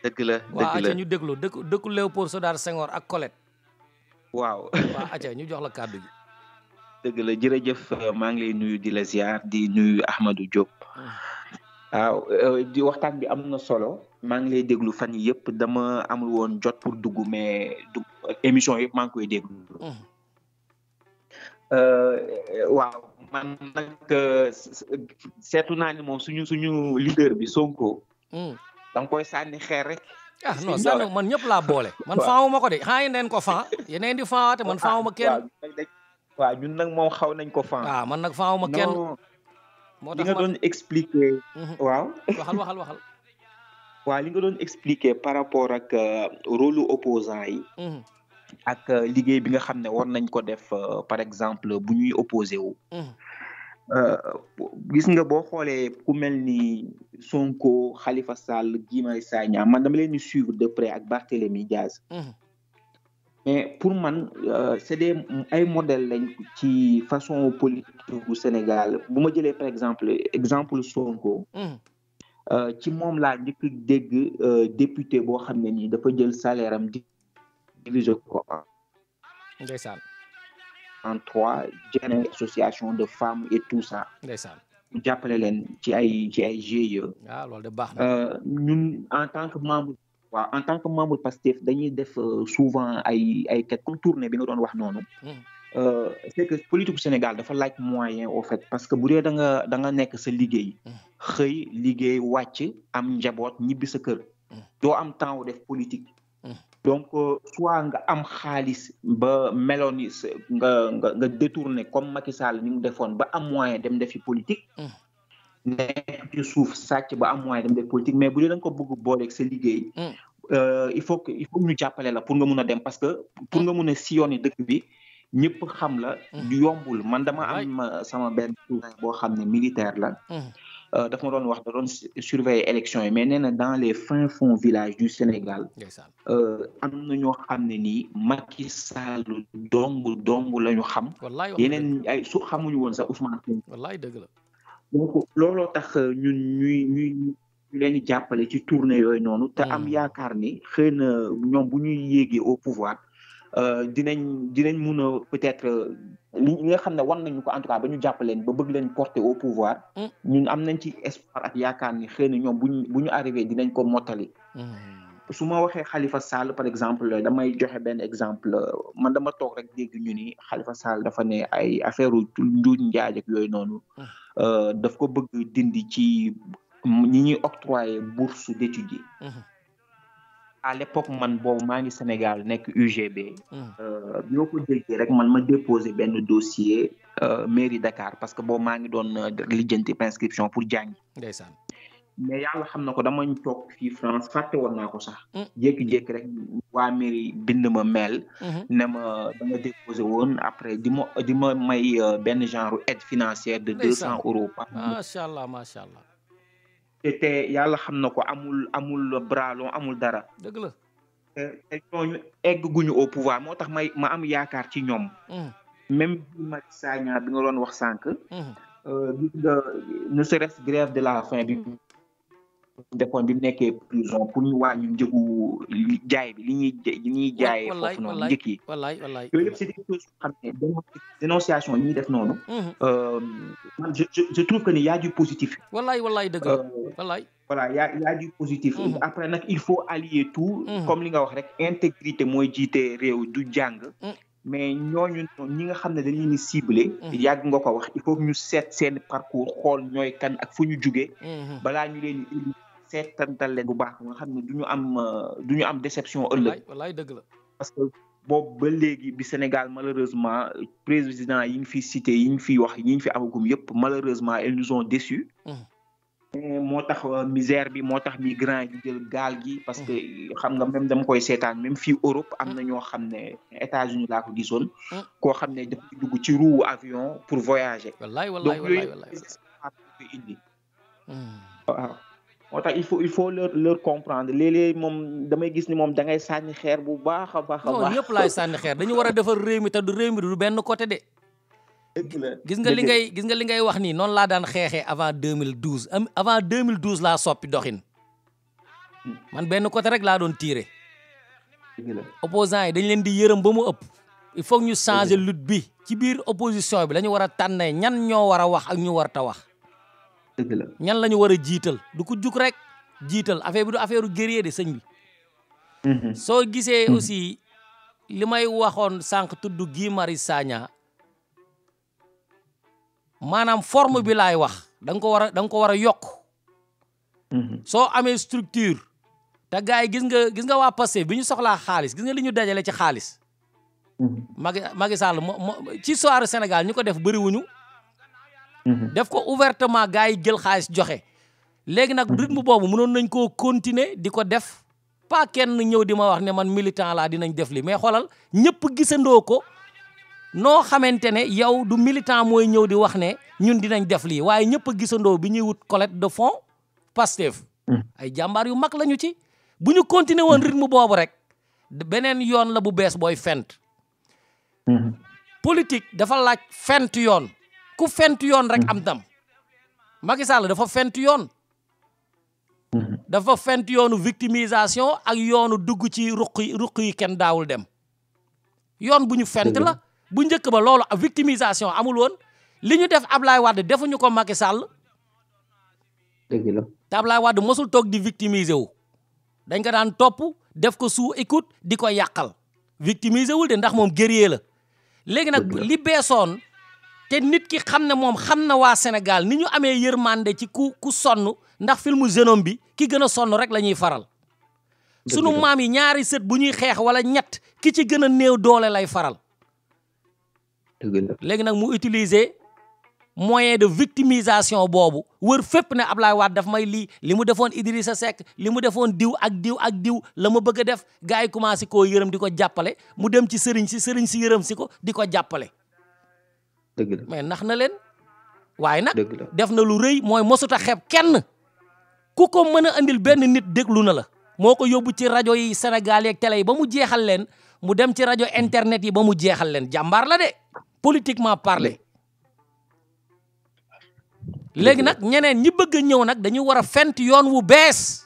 dëgg la dëgg la waaw acca ñu déglu dëkku dëkku Léopold Sédar ak Colette. waaw waaw ñu jox la kàddu gi. dëgg la jërëjëf maa ngi lay nuyu di la ziar di nuyu Ahmadou Diop. waaw euh, di waxtaan bi am na solo. maa ngi lay déglu fan yii yëpp dama amul woon jot pour dugg mais dugg. ak émission yëpp maa ngi koy déglu. Euh, waaw man nag euh, seetu naa ni moom suñu suñu leader bi Sonko. Hmm. da koy sànni xeer rek. ah non sànni man ñëpp laa boole. man faawuma ko de xaa yéen ko faa yéen di faawaate man faawuma kenn. waaw ñun nag moom xaw nañ ko faa. Ah, man nag faawuma kenn. moo tax li nga doon expliquer. Mhm. waaw waxal waxal waaw li nga doon expliquer par rapport ak euh, rôle lu yi. Mhm. ak euh, liguey bi nga xam war nañ ko def euh, par exemple bu ñuy opposé wu. Mm. Euh, gis nga bo xolé ku melni Sonko Khalifa Sall Guy Marius man dama leen suivre de près ak Barthélémy Diaz. Mm. mais pour man c'est des ay modèle lañ ci façon politique du Sénégal buma jëlé par exemple exemple Sonko. Mm. ci mom la njëkk dégg député bo xamné ni dafa jël salaire am di diviser ko ndeysaan en trois jënd association de femmes et tout ça ndeysaan mu jàppale ci ay ci ay GIE ah de euh, ñun en tant que membre wa en tant que membre Pastef dañuy def euh, souvent ay ay ket comme bi nga doon wax hmm. euh c'est que politique bu Sénégal dafa laaj moyen au fait parce que bu dee da nga da nga nek sa liguey hmm. xey liguey wacc am njaboot ñibi sa kër hmm. do am temps wu def politique donc soit nga am xaalis ba meloon nga nga nga détourné comme Macky Sall ni mu defoon ba am moyen dem defi politique. Mm. nekk ci suuf sàcc ba am moyen dem def politique mais bu dee da nga ko bëgg booleeg sa mm. euh il faut que il faut ñu jappalé la pour nga mëna dem parce que pour nga mëna a dëkk bi ñëpp xam la. du mm. yombul man dama am euh, sama ben bo xamné militaire la. Euh, daf ma doon wax da doon surveiller élection yi mais nee na dans les fins fond village du Sénégal euh, am na ñoo xam ne nii Macky Sall dong dong la ñu xam yeneen ay su xamuñu woon sax Ousmane wallaay dëgg la donc looloo tax euh, ñun ñuy ñuy ñu leen jàppale ci tournée yooyu noonu te am hmm. yaakaar ni xëy na ñoom bu ñuy yéegee au pouvoir euh, dinañ dinañ mun a peut-être li euh, nga ko en porter au pouvoir. Mm. ñun am ci espoir ak yaakaar ni xëy na ñoom bu arrivé mm. Khalifa Sall par exemple euh, damay joxe benn exemple man dama toog rek dégg Khalifa Sall dafa ay affaire bourse d'étudiants. Mm-hmm à l'époque man boobu maa ngi Sénégal nek UGB. Hmm. Euh, bi ma ko rek man ma déposé ben dossier euh, mairie Dakar parce que boobu maa don doon euh, lijjanti inscription pour jàng. ndaysan mais yalla xam ko dama ñu fi France faté woon ko sax. djéki hmm. jékki rek wa mairie bind ma mail. Hmm. ne ma da nga déposé won après dima ma may ben genre aide financière de 200 cent euros. sha allah sha allah. te yàlla xam na ko amul amul bralon amul dara. dëgg la. te guñu au pouvoir moo tax may ma am yaakaar ci ñoom. même Guy Marius Sagna doon wax sànq. Euh, gis nga ne de la faim bi defoon bi mu prison pour ñu wañu njëgu jaay bi li ñuy ñi jaay fofu non noonu njëkk yi yooyu yëpp c'est des choses xam dénonciation yi def nonu mm-hmm. euh je je trouve que ni y a du positif wallaay wallaay deug wallaay voilà y a y a du positif mm-hmm. après nak il faut allier tout mm-hmm. comme li nga wax rek intégrité moy jiitee rew du jang mm. mais ñooñu ñi nga xam dañuy ni ciblé. yag nga ko wax il faut ñu set sen parcours xol ñoy kan ak fu ñu jugee balaa ñu leen seetantal leen bu baax nga xam ne du ñu am euh, du ñu am déception ëllëg. wallaay dëgg la parce que boobu ba léegi bi Sénégal malheureusement président yi ñu fi cité yi ñu fi wax yi ñu fi amagum yëpp malheureusement ils nous ont déçus. Hum. moo tax euh, misère bi moo tax grand gi jël gaal gi. parce que hum. xam nga même dama koy seetaan même fii Europe am na hum. ñoo xam ne États-Unis laa ko gisoon. koo xam ne dafa dugg ci roue avion pour voyager. wallaay wallaay wallaay wallaay donc yooyu indi. waaw moo il faut il faut leur leur comprendre les les mom damay gis ni mom da ngay sànni xeer bu baax a baax a baax. non ñëpp laay sànni xeer dañu wara defal defar réew mi te du réew mi du ben côté de. gis nga li ngay gis nga li ngay wax ni non la daan xeexee avant 2012 avant 2012 la soppi doxine man benn côté rek la doon tiire opposants yi dañ leen di yeureum ba mu upp il faut ñu changer lutte bi ci biir opposition bi la wara tanné ñan ñoo wara wax ak ñu warta ta wax dëgg la ñan lañu wara jital du ku juk rek jital affaire bi du affaire guerrier de sëñ bi mhm. so gisé mhm. aussi limay waxone sank tuddu tudd mari Marius Sagna maanaam forme bi lay wax dang ko wara dang ko wara yok mhm. so amé structure ta gars gis nga gis nga wa passé biñu soxla soxlaa gis nga liñu dajalé ci xaalis magi magi Sall ci soir Sénégal ñuko def def wuñu Mhm. def ko ouvertement gars yi jël xaalis joxe. léegi nag mhm. rythme boobu mënoon nañ koo continuer di ko def pas kenn ñëw di ma wax ne man militant la dinañ def li mais xoolal ñëpp gisandoo ko noo xamante ne yow du militant mooy ñëw di wax ne ñun dinañ def lii waaye ñëpp a gisandoo bi ñuy wut collecte de fonds Pastef mhm. ay jàmbaar yu mag lañu ci bu ñu continé woon rythme boobu rek beneen yoon la bu bees booy fent politique dafa laaj fent yoon ku fent yoon rek am dam Macky Sall dafa fent yoon mhm. dafa fent yoonu victimisation ak yoonu dugg ci ruq yi ruq yi kenn daawul dem yoon bu ñu fent la bu njëkk ba loolu victimisation amul woon li ñu def Ablaye Wade defuñu ko Macky Sall dëgg la mosul toog di victimiser wu dañ ko daan topp def ko suu écoute di ko yàqal victimiser wul de ndax moom guerrier la léegi nag li beesoon te nit ki xam ne moom xam na waa Sénégal ni ñu amee yërmande ci ku ku sonn ndax filmu Génome bi ki gën a sonn rek lañuy faral sunu maam yi ñaari sët bu ñuy xeex wala ñett ki ci gën a néew doole lay faral léegi nag mu utiliser moyen de victimisation boobu wër fépp ne Ablaye Wade daf may lii li mu defoon Idrissa sek li mu defoon diw ak diw ak diw la ma bëgg a def gars yi commencé koo yërëm di ko jàppale mu dem ci sëriñ si sëriñ si yërëm si ko di ko jàppale dëgg la mais nax na leen. waaye nag def na lu rëy mooy mosut a xeeb kenn. ku ko mën a andil benn nit déglu na la. moo ko yóbbu ci rajo yi Sénégal yeeg télé yi ba mu jeexal leen mu dem ci rajo internet yi ba mu jeexal leen jàmbaar la de politiquement parler. léegi nag ñeneen ñi bëgg a ñëw nag dañuy war a fent yoon wu bees.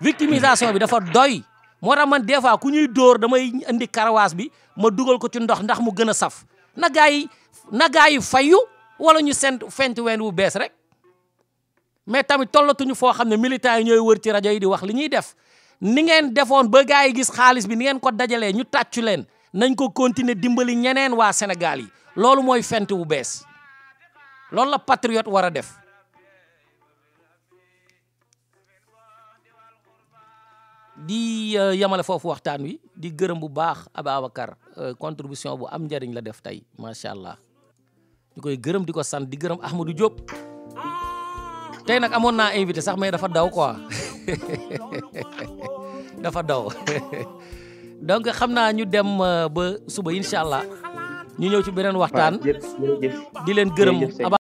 victimisation bi dafa doy. moo tax man des fois ku ñuy dóor damay indi karawaas bi ma dugal ko ci ndox ndax mu gën a saf na na gaa yi fayu wala ñu sent fent wen wu bes rek mais tamit tollatuñu foo xam ne militants yi wër ci radio yi di wax li ñi def ni ngeen defoon ba gaay gis xaaliss bi ni ngeen ko dajale ñu tàccu len nañ ko continuer dimbali ñeneen wa Sénégal yi loolu moy fent wu bes loolu la patriote wara def di euh, yamale fofu waxtan wi di gërëm bu baax awakar euh, contribution bu am jariñ la def tay machallah allah di koy gërëm di kosan, sant di gërëm Ahmadou Diop tay nak amon na invité sax mais dafa daw quoi dafa daw donc xamna ñu dem ba suba inshallah allah ñu ñëw ci benen waxtaan di leen gërëm